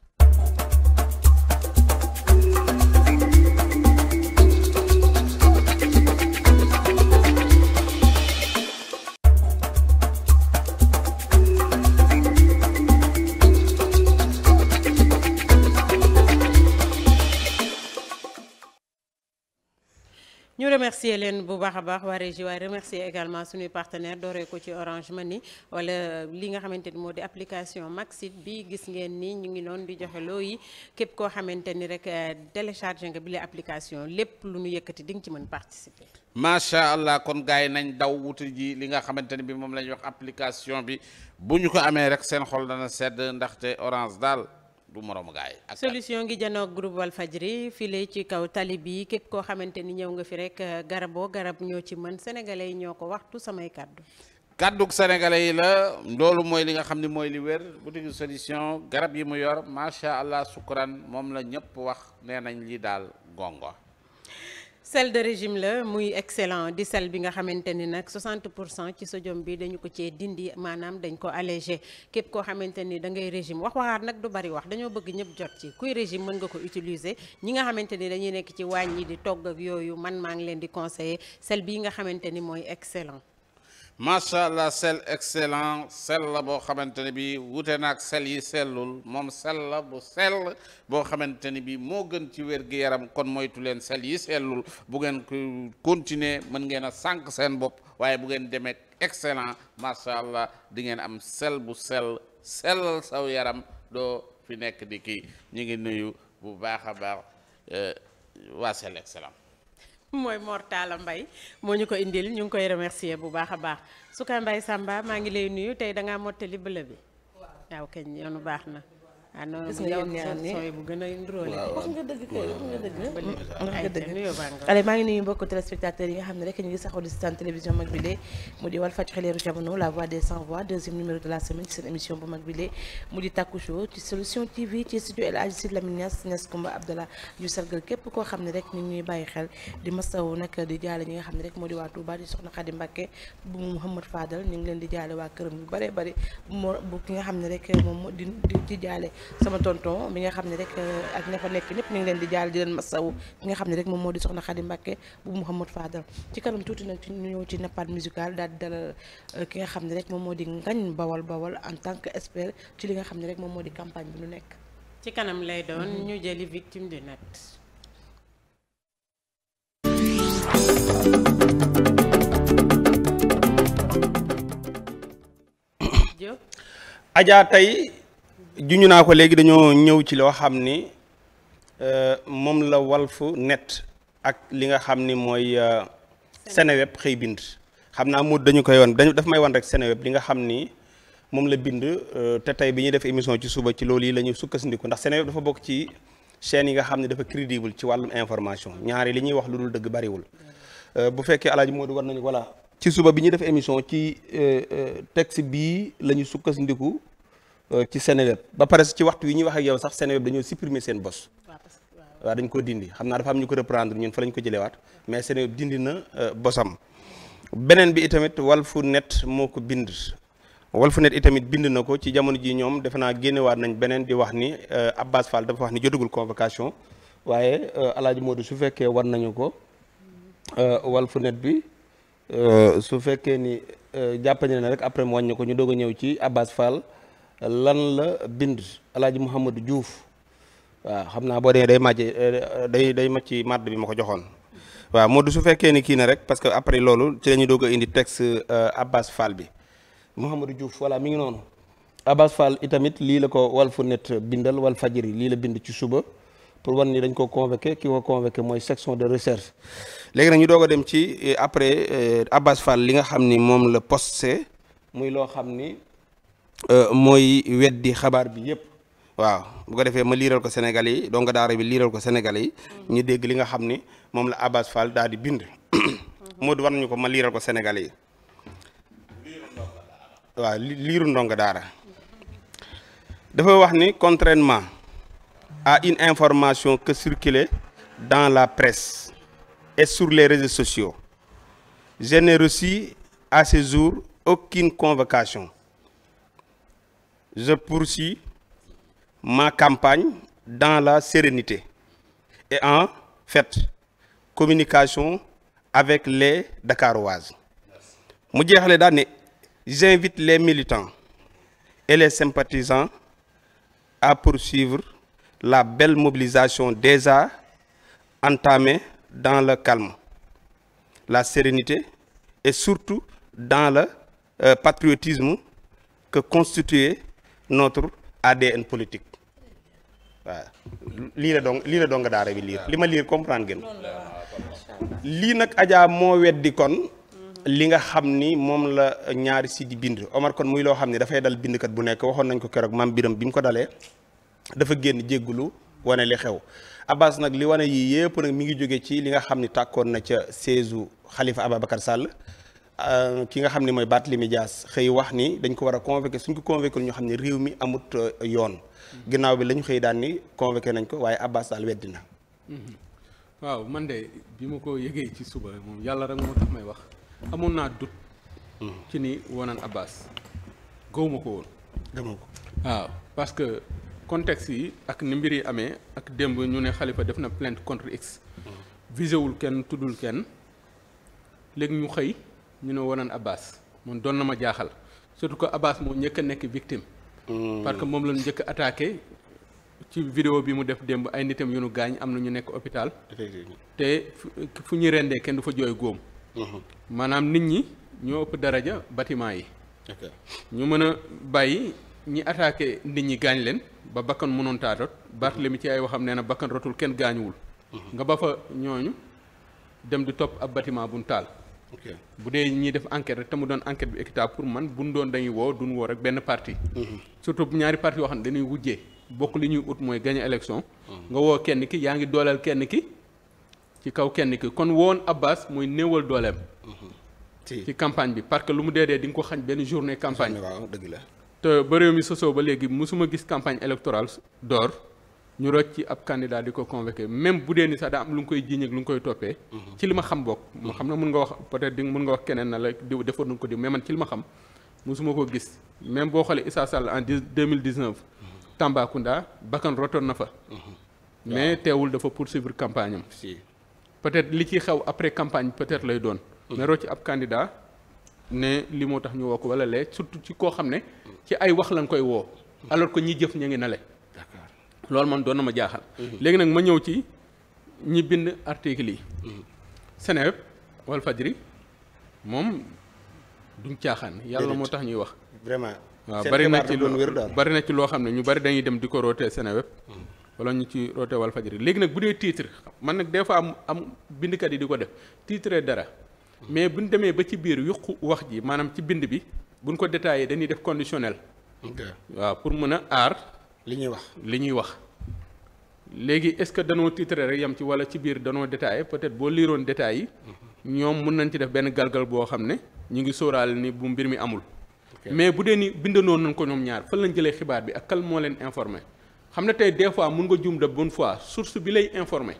remercier leen bu baax a baax waa régie remercier également suñuy partenaire dooree ko ci Orange ni wala li nga xamante ni moo di application Maxit bi gis ngeen ni ñu ngi noon di joxe loo yi képp koo xamante ni rek euh, téléchargé nga bi la application lépp lu ñu yëkkati di nga ci mën participer. macha allah kon gars nañ daw wuti ji li nga xamante ni bi moom la ñuy wax application bi bu ñu ko amee rek seen xol dana sedd ndaxte Orange daal. du moromu gaay ak solution ngi janoog groupe Walfadjri file ci kaw tali bi képp koo xamante ni ñëw nga fi rek euh, garaboo garab ñoo ci mën sénégalais yi ñoo ko waxtu samay kàddu kàddug sénégalais yi la loolu mooy li nga xam ni mooy li wér bu boutique solution garab yi mu yor macha allah sukkuran moom la ñëpp wax nee nañ li daal gongo sel de régime la muy excellent di celle bi nga xamante ni nag 60 pour cent ci sodium bi dañu ko cee dindi maanaam dañ ko allégé képp koo xamante ni da ngay régime wax waxaat nag du bari wax dañoo bëgg ñëpp jot ci kuy régime mën nga ko utiliser ñi nga xamante ni dañuy nekk ci wàññi di togg ak yooyu man maa ngi leen di conseiller sel bi nga xamante ni mooy excellent macha allah sel excellent sel la boo xamante ne bi wute ak sel yi sellul moom sel la bu sell boo xamante ne bi moo gën ci wér gi yaram kon moytu leen sel yi sellul bu ngeen ko continuer mën ngeen a sànq seen bopp waaye bu ngeen demee excellent macha allah di ngeen am sel bu sell sellal saw yaram doo fi nekk di kii ñu ngi nuyu bu baax a baax euh, waa sel excellent [LAUGHS] mooy Mor Talla Mbaye moo ñu ko indil ñu ngi koy remercier bu baax a baax su Souka Mbaye Samba maa ngi lay nuyu tey da ngaa mottali bële bi waaw kañ yoonu baax na. ah non bu gën a ndróole wax nga dëgg kay wax nga nga dëgg nga xam ne rek ñu ngi saxoo di seen télévision mag bi lee mu di wal fàcc xeleeru jamono la voix des sans voix deuxième numéro de la semaine ci seen émission bu mag bi lee mu di Taku Show ci solution tv ci studio El Hadji Sidy Lamine Niass Niass Koumba sargal képp koo xam ne rek ñu ñuy bàyyi xel di masawu nag di jaale ñi nga xam ne rek moo di waa Touba di soxna Khady Mbacké bu Mouhamad Fadal ñu ngi leen di jaale waa këram yu bare bari bu ki nga xam ne rek moom di di jaale sama tonton bi nga xam ne rek euh, ak ña fa nekk ñëpp ñu ngi leen di jaal di leen masawu ki nga xam ne rek moom moo di soxna Xadi Mbàkke bu Mouhamad Fadal ci kanam tuuti nag ci nappaat musical daal di euh, ki nga xam ne rek moom moo di ngañ bawal bawal en tant que expert ci li xam ne rek moom moo di campagne bi ñu nekk. ci kanam lay doon ñu jëli victime du net. Adja tey juñu naa ko léegi dañoo ñëw ci loo xam ni euh, moom la fu net ak li nga xam ni mooy euh, Seneweb xëy bind xam naa mu dañu koy wan dañu daf may wan rek Seneweb li nga xam ni moom la bind euh, te tey bi ñuy def émission ci suba ci loolu yi la ñu sukkandiku ndax Seneweb dafa bokk ci chaîne yi nga xam ne dafa crédible ci wàllum information ñaari li ñuy wax lu dul dëgg bariwul bu fekkee Alaaji Modou war nañu voilà ci suba bi ñuy def émission ci texte bii la ñu sukkandiku Euh, ci Seneweb ba pare ci waxtu yi ñuy wax ak yow sax Seneweb dañoo supprimer seen bos waaw dañ ko dindi xam naa dafa am ñu ko reprendre ñun fa lañ ko jëlewaat mais Seneweb dindi na euh, bosam beneen bi itamit Walfu Net moo ko bind wal Walfu Net itamit bind na ko ci jamono ji ñoom defe naa génnewaat nañ beneen di wax ni euh, Abbas Fall dafa wax ni jotagul convocation waaye Alaaji Modou su fekkee war nañu ko Walfu Net bi su fekkee ni jàppañ na rek après mu wàññi ko ñu doog a ñëw ci Abbas lan la bind alaaji Mouhamadou juuf waaw xam naa boo dee day màcc day day màcc ci màdd bi ma ko joxoon waaw Modou su fekkee ni kii na rek parce que après loolu ci la ñuy doog indi texte euh, Abbas Fall bi Mouhamadou juuf voilà mi ngi noonu Abbas Fall itamit lii la ko wal Walfu Net bindal Walf yi lii la bind ci suba pour wan ni dañ ko convoqué ki ko convoqué mooy section de recherche léegi nag ñu doog a dem ci euh, après euh, Abbas Fall li nga xam ni moom la posté muy loo xam ni Euh, mooy weddi xabaar bi yëpp waaw bu ko defee ma liiral ko Sénégal yi donc daara bi liiral ko Sénégal yi ñu dégg li nga xam ni moom la Abass Fall daal di bind [COUGHS] Modou war nañu ko ma liiral ko Sénégal yi waaw liiru ndongo daara dafa wax ni contrairement à une information que circulait dans la presse et sur les réseaux sociaux je n'ai à ce jour aucune convocation je poursuis ma campagne dans la sérénité et en fait communication avec les Dakaroises mu jeexale daal ne j'invite les militants et les sympathisants à poursuivre la belle mobilisation déjà entamée dans le calme la sérénité et surtout dans le euh, patriotisme que constituait notre ADN politique lii la dong lii la dong daara bi liir li ma liir comprendre ngeen lii nag Adja moo weddi kon li nga xam ni moom la ñaari si di bind Omar kon muy loo xam ni dafay dal bindkat bu nekk waxoon nañ ko keroog maam biram bi mu ko dalee dafa génn jéggulu wane li xew Abbas nag li wane yii yëpp nag mi ngi jóge ci li nga xam ni tàkkoon na ca seesu xalifa Ababacar sàll Euh, ki nga xam ne mooy Barthélémy Dias xëy wax ni dañ ko war a convoqué suñ ko convoqué ñu xam ni réew mi amut euh, yoon ginnaaw bi lañu xëy daan ni convoqué nañ ko waaye Abbas Sall weddi mm-hmm. waaw man de bi ma ko yëgee ci suba moom yàlla rek moo tax may wax amoon naa dut mm-hmm. ci ni wonan Abbas gëwuma ko woon gëwuma ko waaw parce que contexte yi ak ni mbir yi amee ak démb ñu ne xalifa def na plainte contre X mm-hmm. visé wul kenn tuddul kenn léegi ñu xëy ñu ne Warren Abbas moom doon na ma jaaxal surtout que Abbas moom njëkk a nekk victime. Hmm. parce que moom la ñu njëkk attaqué ci vidéo bi mu def démb ay nitam yu nu gaañ am na ñu nekk hôpital. te fu ñuy rendee kenn du fa jooy góom. Hmm. maanaam nit ñi ñoo ëpp daraja batiment yi. ñu mën a bàyyi ñi attaqué nit ñi gaañ leen ba bakkan mënoon taa rot mi ci ay waxam nee na bakkan rotul kenn gaañuwul. Hmm. nga ba fa ñooñu dem di topp ab batiment bu nu taal. bu dee ñiy def enquête rek te mu doon enquête bi équitable pour man buñ doon dañuy woo duñ woo rek benn parti. Mhm. surtout ñaari parti yoo xam ne dañuy wujjee bokk li ñuy ut mooy gagné élection. Mhm. nga woo kenn ki yaa ngi dooleel kenn ki ci kaw kenn ki kon woon Abbas mooy néewal dooleem. Mhm. ci campagne bi parce que lu mu dee dee di nga ko xañ benn journée campagne. waaw dëgg la te ba réew mi sosoo ba léegi mosuma gis campagne électorale door ñu rocc ci ab candidat di ko convoqué même bu dee ni sax daa am lu nga koy jiiñ ak lu nga koy toppee mhm. ci li ma xam bokk ma mhm. xam ne mun nga wax peut-être di mun nga wax keneen na la diw ko diw mais man ci li ma xam musuma ko gis même boo xoolee Issa Sall en deux mille dix-neuf mhm. Tambacounda bakkan rotoon na fa mais teewul dafa poursuivre campagne am peut-être li ci xew après campagne peut-être lay doon mais ci ab candidat ne li moo tax ñu woo ko wala lee surtout ci koo xam ne ci ay wax lañ koy woo alors que ñi jëf ña ngi na loolu man doon na ma jaaxal. Mhm. léegi nag ma ñëw ci ñi bind article yi. Mhm. Seneweb Walfadjri moom duñ caaxaan yàlla moo tax ñuy wax. vraiment waaw bari na ci bari na ci loo xam ne ñu bari dañuy dem di ko rootee Seneweb mhm. wala ñu ci rootee Walfadjri léegi nag bu dee tiitre man nag des fois am am bindkat yi di ko def titre dara. mais bu ñu demee ba ci biir yuqu wax ji maanaam ci bind bi bu ñu ko détaillé dañuy def conditionnel. waaw pour mën a aar. li ñuy wax li ñuy wax léegi est-ce que danoo titré rek yam ci walla ci biir danoo détaillé peut-être boo liiroon détails yi ñoom mën nañ ci def benn galgal boo xam ne ñu ngi sóoraale ni bu mbir mi amul mais bu dee ni bindandoo nañ ko ñoom ñaar fan lañ jëlee xibaar bi ak kal leen informé xam ne tey des fois mun nga juum de bon fois source bi lay informé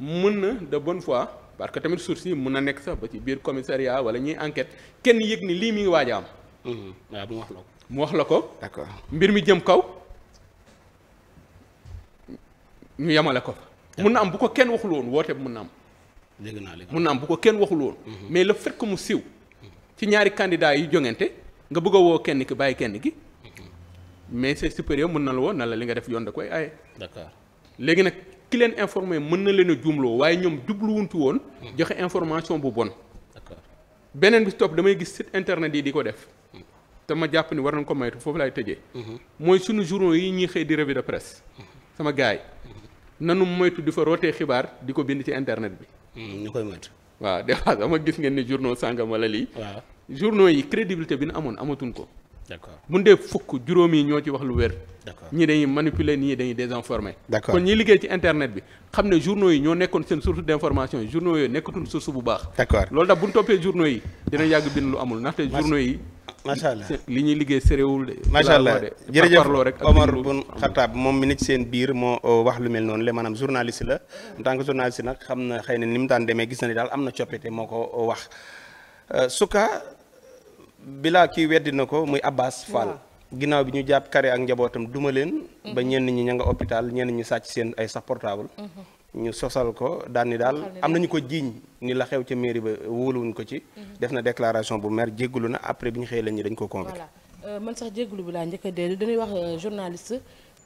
mën na de bonne fois parce que tamit source yi mun na nekk sax ba ci biir commissariat wala ñuy enquête kenn yëg ni lii mi ngi waaj a am. Mhm. mu wax la mu wax la ko. d'accord mbir mi jëm kaw. ñu yemale ko fa mun na am bu ko kenn waxul woon woote bi mun na am dégg naa mun na am bu ko kenn waxul woon mhm. mais la fait mu siw ci ñaari candidat yi jongante nga bëgg woo kenn ki bàyyi kenn ki mhm. mais c'est supérieur mën na la woo na la li nga def yoon da koy aaye d'accord léegi nag ki leen informé mën na leen a juumloo waaye ñoom jubluwuntu woon mhm. joxe information bu bon d'accord beneen bi si damay gis site internet yi di ko def te jàpp ni war nañ ko moytu foofu laay tëjee mooy sunu journaux yi ñuy xëy di revue de presse sama gars yi nanu moytu di fa rootee xibaar di ko bind ci internet bi. Hmm, ñu koy moytu. waaw des fois dama gis ngeen ni journaux sàngam wala lii. waaw journaux yi crédibilité bi nu amoon amatuñ ko. d'accord bu dee fukk juróom yi ñoo ci wax lu wér. d'accord ñii dañuy manipuler ñii dañuy désinformer. d'accord kon ñi liggéey ci internet bi xam ne journaux yi ñoo nekkoon seen source d'information journaux yooyu nekkatul source bu baax. d'accord loolu daal bu ñu toppee journaux yi dina yàgg bind lu amul ndaxte journaux yi. macha allah li ñuy liggéey sëréwul de macha allah jërëjëf Omar Bun Xataab moom mi nekk seen biir moo oh, wax lu mel noonu le maanaam journaliste la en tant que nag xam na xay na ni mu daan demee gis na ni daal na coppite moo ko oh, wax euh, suka bilaa kii weddi na ko muy Abbas Fall ginnaaw bi ñu jàpp kare ak njabootam duma leen mhm. ba ñenn ñi ña nga hôpital ñenn ñi sàcc seen ay sax portable mhm. ñu sosal ko daal daal am nañu ko jiiñ ni la xew ca mairie ba wóoluwuñ ko ci. Mhm. def na déclaration bu maire jéggalu na après bi ñu xëyee la ñi dañ ko convoqué. voilà euh, man sax jéggalu bi laa njëkk a dellu wax euh, journaliste.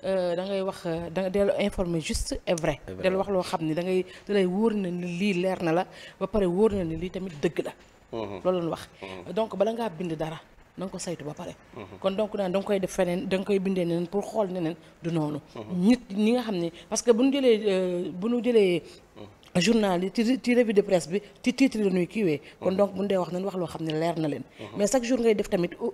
Euh, da ngay wax da dellu informer juste et vrai wax loo xam ni da ngay da lay wóor na ni lii leer na la ba pare wóor na ni lii tamit dëgg la mhm. loolu lañ wax mhm. donc bala ngaa bind dara da nga ko saytu ba pare kon donc naan da nga koy def feneen da koy bindee neneen pour xool neneen du noonu nit ñi nga xam ne parce que bu ñu jëlee bu journal yi ci ci revue de wax nañ wax loo xam ne leer na leen uh-huh. mais chaque jour ngay def tamit bu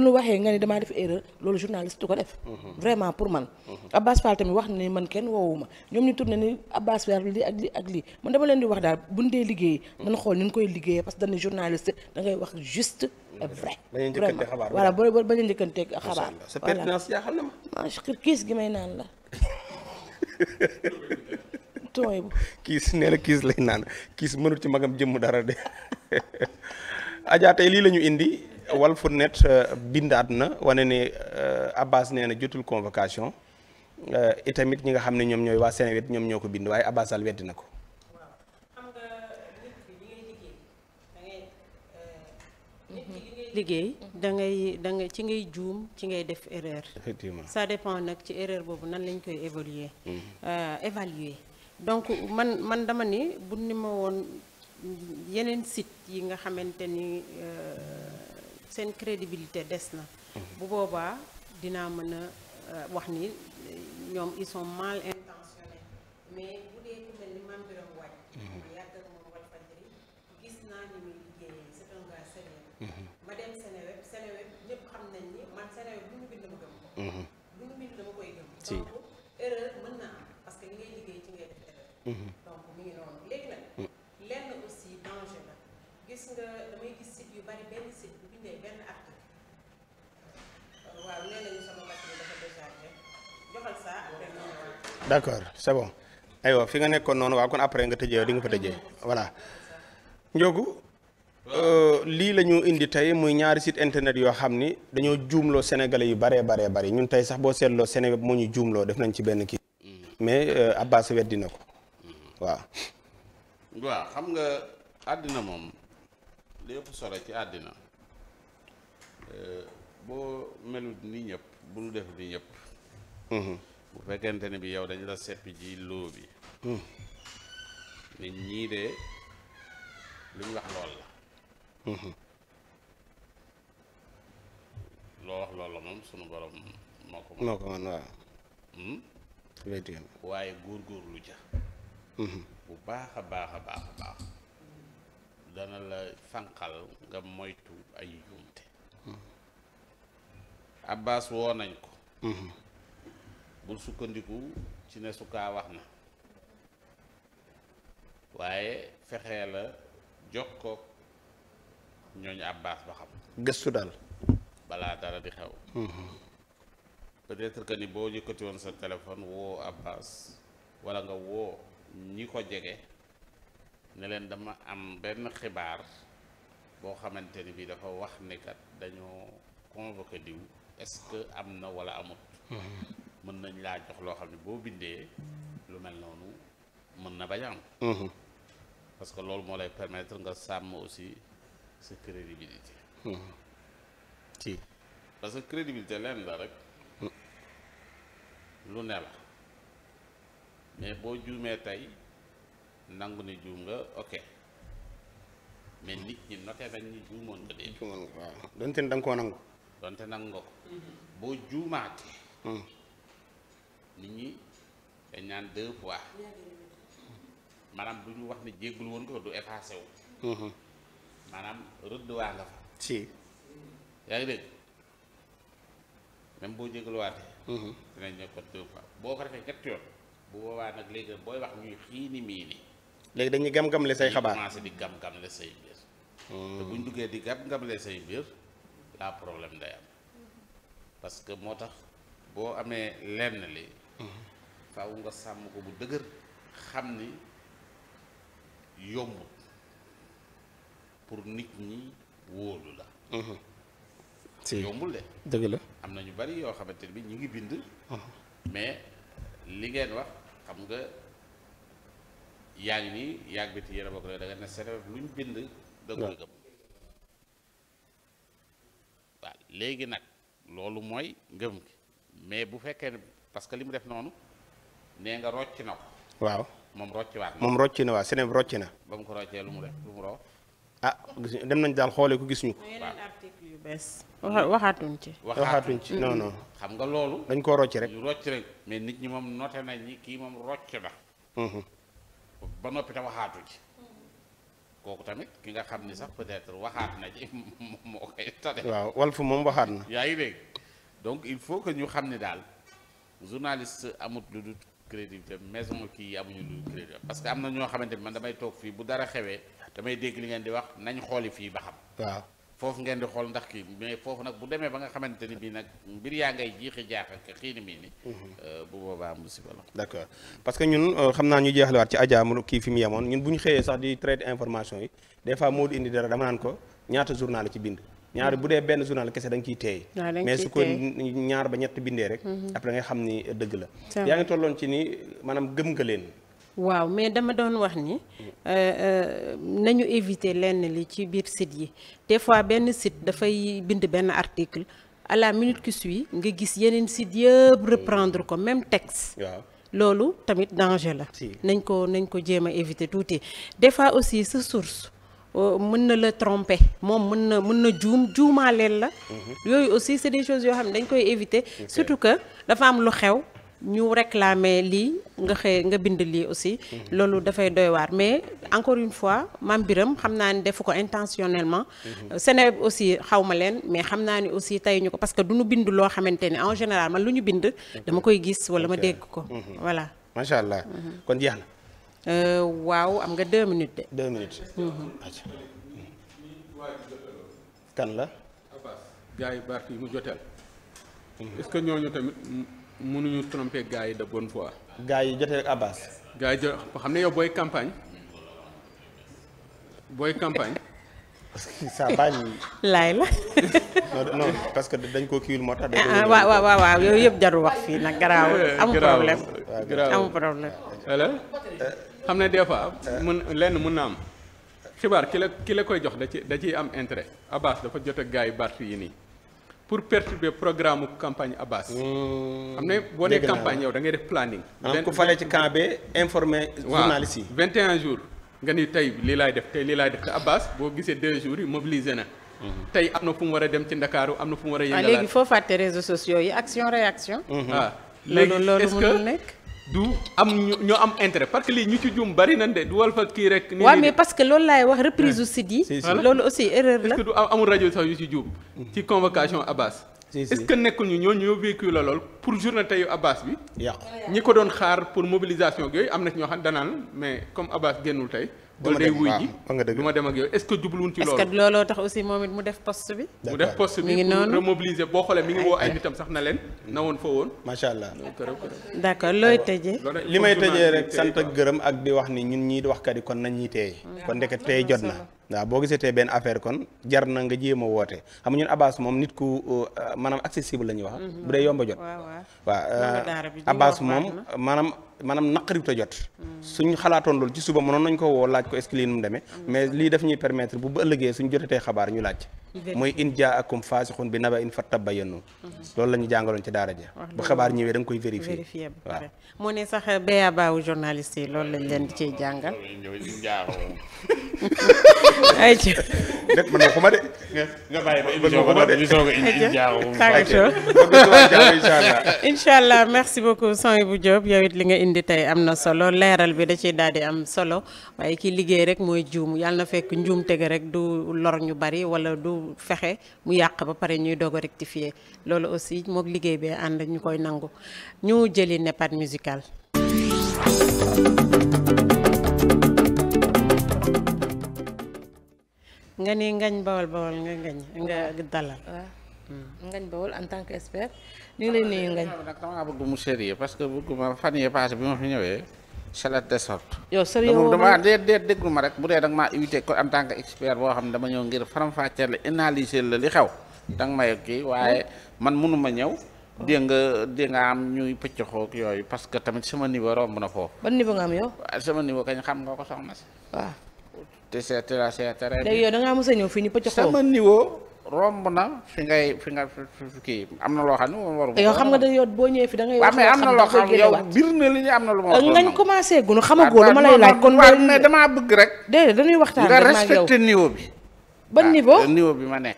ñu waxee nga ni damaa def erreur loolu journaliste du ko def uh-huh. vraiment pour man uh-huh. Abbas wax na man kenn woowuma ñoom ñu tourné ni Abbas Fall lii wax daal buñ dee liggéey dañ xool ni ñu koy liggéeyee parce que dañu journaliste da ngay wax juste et vrai vraiment voilà boo bañ a njëkkanteeg xabaar ah, kiis gi may naan la [LAUGHS] tooy bu kiis nee na kiis lay naan kiis mënul ci magam jëmm dara de Adja lii lañu ñu indi Walf net euh, bindaat na wane ne euh, Abbas nee na jotul convocation itamit euh, ñi nga xam ne ñoom ñooy waa Seneweb ñoom ñoo ko bind waaye Abbas Sall weddi na ko. liggéey da ngay da ci ngay juum ci ngay def erreur. effectivement ça dépend nag ci erreur boobu nan lañ koy évoluer évaluer mm. donc man man dama ni bu ni ma woon yeneen site yi nga xamante ni euh, seen crédibilité des na mhm. bu boobaa dinaa mën a euh, wax ni ñoom ils sont mal intentionnés mais d'accord c'est bon aywa fi nga nekkoon noonu waa kon après nga tëjee di nga fa tëjee voilà Ndiogou euh, lii lañu indi tey muy ñaari site internet yoo xam ni dañoo juumloo sénégalais yu baree baree bari ñun tey sax boo seetloo Sénégal moo ñu juumloo def nañ ci benn kii mais euh, Abbas weddi na ko waaw waaw xam nga àddina moom lépp solo ci àddina euh, boo melut ni ñëpp bu nu def ni ñëpp mhm. bu fekkente ne bi yow dañu la seppi ji loo hmm. nit ñii de luñ wax lool la hmm. loo wax lool la moom sunu borom moo ko moo ko man waaw hmm? waaye góorgóorlu ja bu baax a baax a baax dana la fanqal nga moytu ay yuumte abbas woo nañ ko bul sukkandiku ci ne su kaa wax na waaye fexee la jox ko ñooñu Abbas ba xam. gëstu daal. balaa dara di xew. Mm-hmm. peut-être que ni boo yëkkati sa téléphone woo Abbas walla nga woo ñi ko jege ne leen dama am benn xibaar boo xamante ni bi dafa wax ni kat dañoo convoqué diw am na walla amut. Mm-hmm. mën nañ laa jox loo xam ne boo bindee lu mel noonu mën na bañ a am mhm. que loolu moo lay permettre nga sàmm aussi sa crédibilité ci mhm. parce que crédibilité leen la rek mhm. lu ne la mais boo juumee tey nangu ni juum nga ok mais nit ñi noté dañ ni juumoon nga dee juumoon nga waaw donte da koo nangu donte nangu nga ko boo juumaatee nit ñi dañ naan deux maanaam du ñu wax ne jéggul woon ko du effacé wu mm-hmm. maanaam rëddwaa nga fa si yaa ngi dégg boo jégaluwaatee mm-hmm. dinañ ne ko boo ko defee ñetti yoon bu boobaa nag léegi booy wax ñuy xiini mii léegi dañuy gam say xabaar di gam-gamle say biir mm. te buñ duggee di gam-gamle say biir la problème day am mm-hmm. parce que moo tax boo amee lenn li faaw nga sàmm ko bu dëgër xam ni yombut pour nit ñi wóolu la mhm. si yombul de dëgg la am na ñu bari yoo xamante bi ñu ngi bind mhm. mais li ngeen wax xam nga yaa ngi nii yàgg bi ti yaram ak da nga ne seref lu bind da koy gëm waaw léegi nag loolu mooy ngëm gi mais bu fekkee ne parce que li mu def noonu nee nga rocc na ko. waaw moom rocc waat moom rocc na waa Sénégal rocc na. ba mu ko roccee lu mu def lu mu ah dem nañ daal xoole ko gis ñu ko. yeneen article ci. noonu xam nga loolu. dañ koo rocc rek rocc rek mais nit ñi moom noté nañ ni kii moom rocc na. Mm-hmm. ba noppi waxaatu ci. kooku tamit ki nga xam ni sax peut-être waxaat na ci [LAUGHS] moo koy tane. waaw Walf moom waxaat na. yaa ngi donc il faut que ñu xam ne daal. journaliste amut lu dul crédibilité maison kii amuñu lu dul crédibilité parce que am na ñoo xamante ni man damay toog fii bu dara xewee damay dégg li ngeen di wax nañ xooli fii ba xam. waaw foofu ngeen di xool ndax kii mais foofu nag bu demee ba nga xamante ni bii nag mbir yaa ngay jiixi jaax ak xiini mii ni mhm. bu boobaa musiba la. d'accord parce que ñun euh, xam naa ñu jeexalewaat ci Adja mu kii fi mu yemoon ñun bu ñu xëyee sax di traité information yi des fois moo di indi dara dama naan ci bind. ñaar bu dee benn journal kese da kiy ciy teey ah, mais su ko ñaar ba ñett bindee rek mhm. après nga xam ni dëgg la yaa ngi tolloon ci ni maanaam gëm nga leen waaw mais dama doon wax ni euh, euh, nañu éviter lenn li ci biir site yi des fois benn site dafay bind benn article à la minute qui suit nga gis yeneen site yëpp mm. reprendre ko même texte waaw loolu tamit danger la nañ ko nañ ko jéem a éviter tuuti des fois aussi sa source Euh, mën na la tromper moom mën na mën na juum juumaa leen la. Mhm. yooyu aussi c'est des choses yoo xam ne dañ koy éviter. surtout que dafa am lu xew. ñu réclamer lii nga xëy nga bind lii aussi. Mhm. loolu dafay doy waar mais encore une fois maam Biram xam naa ni defu ko intentionnellement. Mhm. Euh, Seneweb aussi xaw ma leen mais xam naa ni aussi tey ñu ko parce que du ñu bind loo xamante ni en général man lu ñu bind. dama koy gis wala ma dégg ko. voilà macha allah kon jeex na Euh, waaw am nga deux minutes de. deux minutes. Mhm. kan la. Abbas gars yi Barth yi mu joteel. Mhm. est-ce que ñooñu tamit mënuñu tromper gars yi de bonne foi. gars yi jotee ak Abbas. gars yi jo xam ne yow booy campagne booy campagne. parce que saa bàyyi. [LAUGHS] laay la. non parce que dañ koo kiiwul moo tax. ah waaw waaw waaw yooyu yëpp jarul wax fii nag. garaawul eh, amul problème amul euh, problème. xam ne des fois. mën lenn mun na am. xibaar ki la la koy jox da ci da ciy am intérêt Abbas dafa jot a gars yi bart yi nii pour perturber programme campagne Abbas. Hmm. xam ne boo nee campagne yow da ngay def planning. benn ah, ku falee ci camp bi informer journaliste yi. waaw nga ni tey lii laay def tey lii laay def te Abbas boo gisee 2 jours yi mobilisé na. Hmm. tey am na fu mu war a dem ci Ndakaaru am na fu mu war a. Ah, yëngalaat léegi foo fàtte réseaux sociaux yi action réaction. waaw hmm. ah, léegi est-ce que du am ñoo am intérêt parce que lii ñu ci juum bari na de du wal fa kii rek. nii waaw parce que loolu laay wax reprise u site yi. loolu aussi erreur la. est-ce que du amul rajo sax yu ci juum. Mm. ci convocation Abbas. est nekkul ñu ñoo ñoo vécu la lool pour journée teyu Abbas bi. yàqu ñi ko doon xaar pour mobilisation yooyu am na ci ñoo xam danaan mais comme Abbas génnul tey. wala day wuy looy tëjee li may tëjee rek sant gërëm ak di wax ni ñun ñii di waxkat yi kon nañuy teey mm. kon ndeke ah, teey jot na waaw boo gisee tey benn affaire kon jar na nga jéem a woote xam nga ñun Abbas moom nit ku uh, maanaam accessible la ñuy wax mm-hmm. bu dee yomba jot waaw uh, Abbas moom maanaam maanaam naqariwut a jot suñ xalaatoon loolu ci suba mënoon nañ ko woo laaj ko est-ce que lii nu mu demee mais lii daf ñuy permettre bu bu ëllëgee suñ jotatee xabaar ñu laaj mooy in jaakum faasixun bi naba in fattabayanu loolu la ñu jàngaloon ci daara ja bu xabaar ñëwee da nga koy vérifier waaw moo ne sax béya baawu journaliste yi loolu lañ leen di ciy jàngal ay ci [LAUGHS] def man waxuma de nga bàyyi ba émission ba ñu soog a indi jaaw tàggatoo incha allah merci beaucoup Sohaibou Diop yow it li di tey am na solo leeral bi da ciy daal di am solo waaye ki liggéey rek mooy juum yàlla na fekk njuum tege rek du lor ñu bari wala du fexe mu yàq ba pare ñuy doog a rectifier loolu aussi moog liggéey bee ànd ñu koy nangu ñu jëli nepat musical. nga ni ngañ bawol nga ngañ nga dalal. waaw hmm. ngañ bawol en tant qu'expert. ñu ngi lay nuyu ngañ. nag damaa bëgg mu sérieux parce que bëgguma fan yee passé bi ma fi ñëwee. chalette de sorte. yow sérieux woo dama déet déet déglu ma rek bu dee danga maa invité ko en expert boo xam ne dama ñëw ngir faram-fàcceel la analyser la li xew. danga may kii waaye man mënu ñëw. dégg nga dégg am ñuy pëcc xoog yooyu parce que tamit sama niveau romb na foofu. ban niveau nga am yow. sama niveau kañ xam nga ko soxna si. waaw. te seet la rek. yow da ngaa a ñëw fii ñu romb na fi ngay fi nga kii am na loo xam ne moom waru. yow xam nga da yow boo ñëwee fi da ngay. wax mais am na loo xam yow bir na li ñu am na lu ma wax. ngañ commencé gunu xamagoo lu ma lay laaj. kon waaw mais damaa bëgg rek. déedéet dañuy waxtaan nga respecté niveau bi. ban niveau niveau bi ma nekk.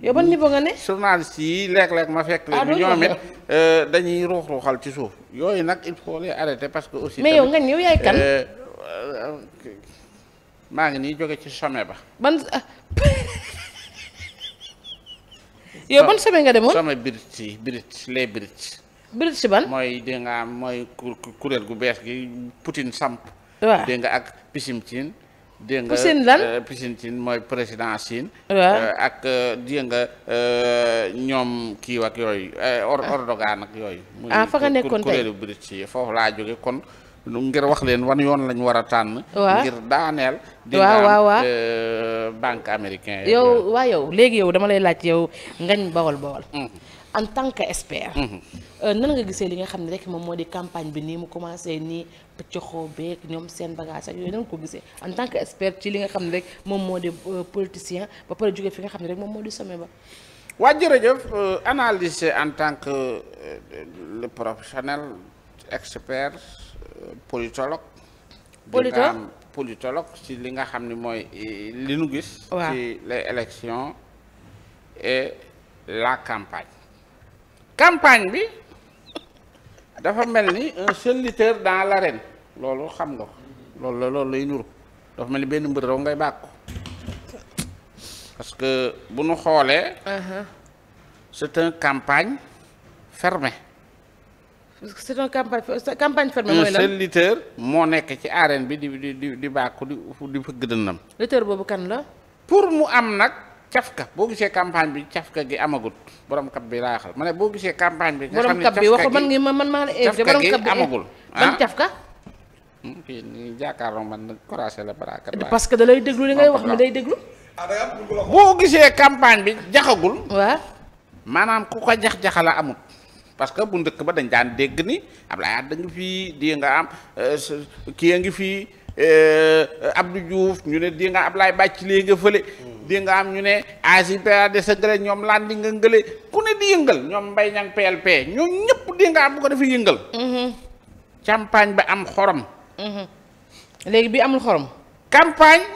yow ban niveau nga ne. journaliste yi léeg-léeg ma fekk leen. Ah, ñoom it euh, dañuy ruux ruuxal ci suuf. yooyu nag il faut les arrêter parce que. aussi mais yow nga yow yaay kan. Euh, euh, maa ngi nii jóge ci sommet ba. ban. Ah. [LAUGHS] yow ban semaine nga demoon sama birit yi birit les birit birit si ban mooy di nga am mooy kuréel gu bees gi Poutine samp waaw nga ak pisim cin dégg nga Poutine lan euh, Poutine Tine mooy président siin euh, ak euh, dégg nga ñoom kii ak yooyu. Erdogan ah. ak yooyu. ah fa nga nekkoon tey kuréelu foofu laa jóge kon. ngir wax leen wan yoon lañ war a tànn. ngir daaneel. waaw waaw euh, waaw banque américain yow waa yow léegi yow dama lay laaj yow ngañ bawal bawol. Mm-hmm. en tant que expert. Mm-hmm. Euh, nan nga gisee li nga xam ne rek moom moo di campagne bi nii mu commencé nii pëccoxoo beeg ñoom seen bagage ak yooyu nan ko gisee en tant que expert ci li nga xam ne rek moom moo di euh, politicien ba pare jóge fi nga xam ne rek moom moo di sommet ba. waa jërëjëf analyser en tant que le professionnel expert. politologue. politologue am politologue ci li nga xam ni mooy li nu gis. waaw ci les élections et la campagne. campagne bi dafa mel ni un seul lutteur dans ren loolu xam nga loolu la loolu lay nuru dafa mel ni benn mbër raw ngay bàkku parce que bu nu xoolee. Uh-huh. c'est une campagne fermée. c'est une campagne campagne fermée mooy lan un seul lutteur moo nekk ci arène bi di di di di bàkku di di fëgg dënnam. lutteur boobu kan la. pour mu am nag cafka boo gisee campagne bi cafka gi amagut borom kap bi laa xal ma ne boo gisee campagne bi. nga cafka gi borom bi waxu man ngi man man maa la invité borom kap bi amagul ban ah? cafka. kii hmm, nii jàkkaarloo man nag corassé la parce que da lay déglu li ngay wax ni day déglu. Ah, boo gisee campagne bi jaxagul. waaw maanaam ku ko jax jaxala amut. parce que bu njëkk ba dañ daan dégg ni Abdoulaye Wade ngi fii di nga am euh, kii a ngi fii euh, Abdou Diouf ñu ne dii nga Abdoulaye Bathily nga fële di nga am ñu ne AJPA de sa gële ñoom laan di nga ngële ku ne di yëngal ñoom Mbaye Niang PLP ñoom ñëpp di nga am bu ko defee yëngal mm-hmm. campagne ba am xorom mm-hmm. léegi bi amul xorom campagne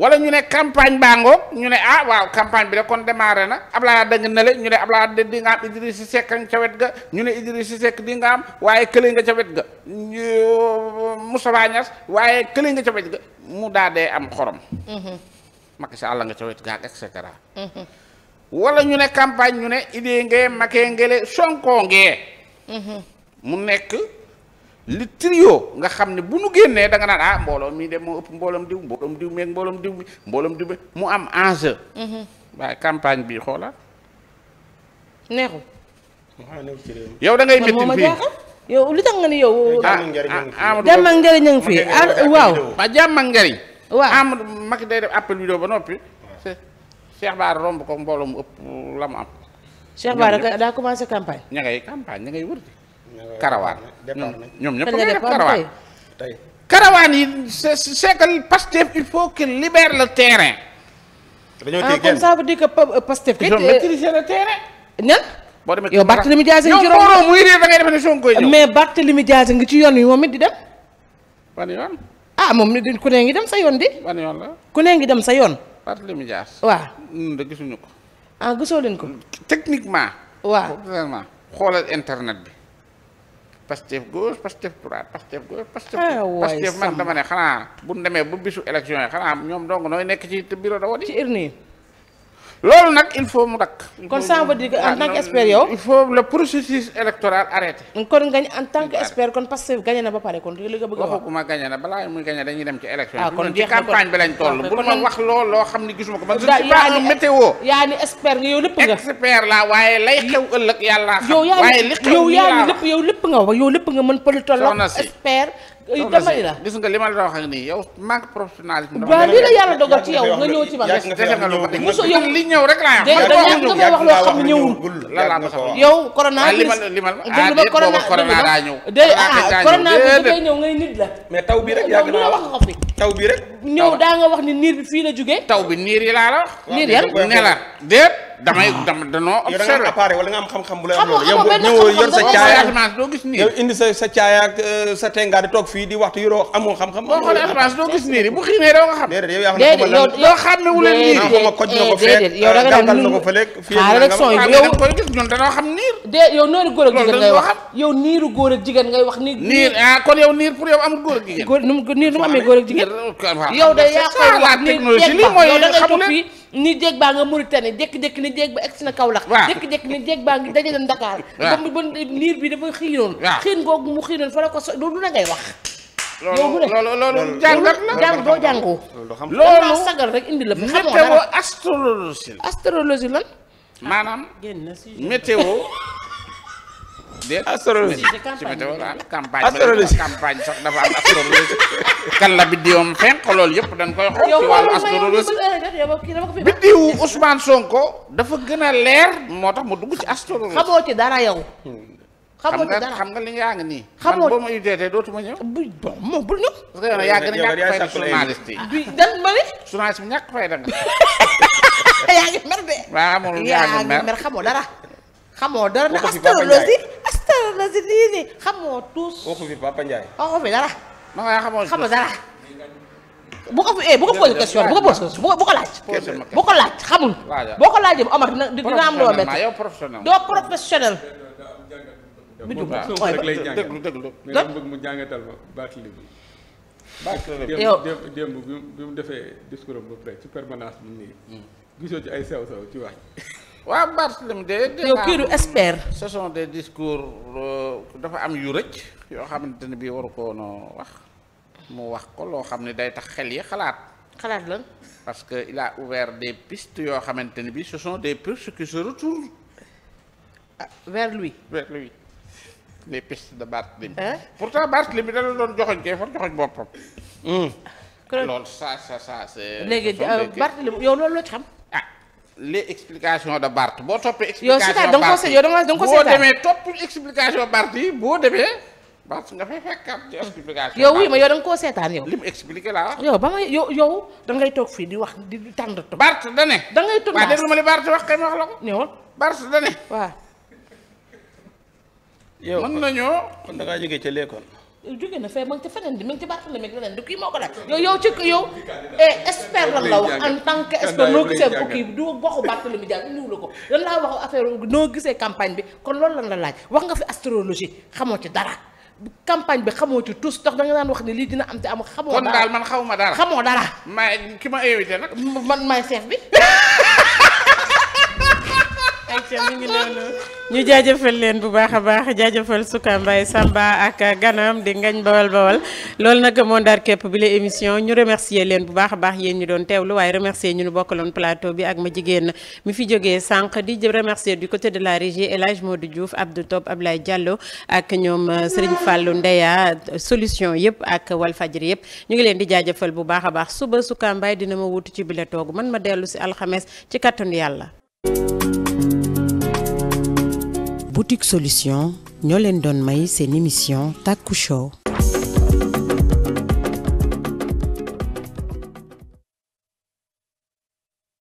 wala ñu ne campagne baa ngoog ñu ne ah waaw campagne bi de kon démarré na Ablaye da nga nele ñu ne Ablaye de di nga am Idrissa Seck nga ñu ne Idrissa Seck di nga am waaye kële nga ca wet ga Moustapha waaye kële ca wet ga mu daa dee am xorom. Mhm. Macky Sall nga ca wet ga et mhm. ñu ne campagne ñu ne idée ngee Macky ngele Sonko ngee. Mhm. mu nekk. li trio nga xam ne bu nu génnee da naan ah mbooloo mi de moo ëpp mbooloom diw mbooloom diw meeg mbooloom diw mi mbooloom mu am enjeu. Mhm. waaye campagne bi xoola neexul. yow da ngay métti fii a ngi ah, waaw. ba jàmm ak njëriñ. waaw Amadou day def appel vidéo ba noppi. Cheikh Bara romb ko mbooloo mu ëpp la mu am. Cheikh Bara daa commencé campagne. ña ngay campagne ña ngay wër. karawaan hmm. ñoom ñëpp ngay def karawaan karawaan yi c'est que Pastef il faut qu'il libère le terrain dañoo ah, téye kenn ah comme ça veut dire que euh, Pastef ils ont euh, maîtrisé le terrain nen boo demee yow Barthélemy Diaz ngi ci yoon muy réer da ngay def ne Sonko koy ñëw mais Barthélemy Diaz ngi ci yoon wi moom it di dem ban yoon ah moom ni ku ne ngi dem sa yoon di ban yoon la ku ne ngi dem sa yoon Barthélemy Diaz waaw ñun de gisuñu ko ah gisoo leen ko techniquement waaw xoolal internet bi Pastef gauche Pastef droite Pastef gauche Pastef eh Pastef man dama ne xanaa bu ñu demee ba bisu élection yi xanaa ñoom dong nooy nekk ci bureau de vote yi ci urne loolu nag il faut mu dakk kon ça veut dire que en ah, tant qu'expert yow. il faut le processus électoral arrêté. kon nga en tant qu'expert kon Pastef gagné na ba pare kon li nga bëgg a wax. waxuma na balaa muy gagné dañuy dem ci élection. ah kon jeex na kon ci lañ toll. Ah, bu ma wax loolu xam ne gisuma ko man. je ne suis pas un météo. yaa ni expert nga yow lépp nga. expert laa waaye lay xew ëllëg yàlla xam. waaye li xew yow yaa ni lépp yow lépp nga wax yow lépp nga mën politologue expert damay la gis nga li ma la wax ak nii yow manque professionnalisme. waaw lii la yàlla dogal ci yow nga ñëw ci ma. muso yow li ñëw rek laa yàq. da nga may wax loo xam ne ñëwul. la la yow ñëw. bu koy ñëw ngay nit la. mais taw daa nga wax ni niir bi fii la jógee. taw bi niir yi laa la. niir yan ne la damay dam danoo observé appareil wala nga am xam-xam bu lay am loolu yow ñëw yor sa caaya doo gis nii yow indi sa sa caaya ak euh, sa tenga di toog fii di waxtu yoroo amoo xam-xam boo xoolee assurance doo gis nii bu xiinee doo nga xam déedéet yow yaa xam loo xam ne wu leen niir yow ma koj na ko fekk yow da nga daan na ko fële fii yow koy gis ñun danoo xam niir dé yow nooru góor ak jigéen ngay wax yow niiru góor ak jigéen ngay wax ni niir ah kon yow niir pour yow amul góor ak jigéen niir nu mu amee góor ak jigéen yow da yaa koy wax ni technologie li mooy xamul ni jéeg baa nga Mauritanie jékki-jékki ni déeg ba egsi na Kaolack jékki-jékki ni déeg baa ngi dajale Dakar comme bon niir bi dafa xiinoon xiin googu mu xiinoon fa la ko so loolu na ngay wax loolu loolu jàngat la jàng doo jàngoo loolu sagal rek indi la bi xamoo dara astrologie astrologie lan maanaam météo déet astrologie campagne astrologie campagne sax dafa am astrologie kan la biddiwam fenk loolu yëpp dañ koy xool ci wàllu astrologie biddiwu Sonko dafa gën a leer moo tax ma dugg ci astrologie xamoo ci dara yow hmm. xamoo ci dara xam nga li yaa ngi nii xamoo boo ma utee dootuma ñëw parce que yow yaa gën a ñàkk fayda journaliste yi bi dan ma ni journaliste bi ñàkk fayda nga [LAUGHS] yaa ngi mer de waaw amul yaa ngi mer xamoo dara xamoo dara na astrologie dara la si lii nii xamoo tuus. waxu fi Papa Ndiaye. Ah, dara. ma dara. bu ko eh bu ko posé question bu ko bu ko laaj. bu ko laaj xamul. boo ko laajee ba Omar dina dina am loo métti. doo professionnel. bi du bëgg mu jàngatal ma Barthélémy bi. yow démb bi mu defee discours ba pare ci permanence bi nii. Hmm. gisoo ci ay sew sew ci wax. waaw Barthélemy de yow kii du expert ce sont des discours euh, dafa am yu rëcc yoo xamante ne bii waru ko wax mu wax ko loo xam ne day tax xel yi xalaat xalaat lan parce que il a ouvert des pistes yoo xamante ne bii ce des pistes qui se retournent ah, vers lui vers lui les pistes de Barthélemy pourtant Barthélemy da la doon joxoñ kay far joxoñ boppam hmm. loolu ça saa ça c'est léegi euh, Barthélemy yow loolu loo ci xam ah les explications de Barth boo toppee. explication Barth yow da nga ko boo demee topp explication Barth yi boo demee nga fay fekkaat ci yow oui ma yow da nga seetaan yow. li mu expliqué laa wax. yow ba nga yow yow da ngay toog fii di wax di tàng. Barth da ne. da ngay toog waaw déglu ma li Barth wax kay ma wax la ko. ñëwal Barth da ne. waaw. yow mën nañoo. kon da ngaa jógee ca lekkoon. jóge na fee ma ci feneen bi ma ngi ci baax na mi ngi leneen du kii moo ko laaj yow yow ci yow eh, expert lan la wax en tant que noo gisee ko kii du waxu Barthélemy Dias ñëw la ko lan laa wax affaire noo gisee campagne bi kon lan la laaj wax nga fi astrologie xamoo ci dara campagne bi xamoo ci tous tax da nga daan wax ne lii dina am te am xamoo dara kon daal man xaw ma dara xamoo dara ma ki ma invité nag man maay chef bi [LAUGHS] ak ngi loolu ñu jaajafal leen bu baax a baax jaajëfal Souka Mbaye Samba ak ganam di ngañ bawal bawal loolu nag moo ndar képp bi la émission ñu remercier leen bu baax a baax yéen ñi doon teewlu waaye remercier ñu nu bokkaloon plateau bi ak ma jigéen mi fi jógee sànq di remercier du côté de la régie El Hadj Modou Diouf Abdou Top Ablaye Diallo ak ñoom euh, Serigne Fallou Ndeya solution yëpp ak Walfadjri yëpp ñu ngi leen di jaajëfal bu baax a baax suba Souka Mbaye dina ma wutu ci bi toog man ma dellu si alxames ci kattanu yàlla. boutique solution ñoo leen doon may seen émission Taku Show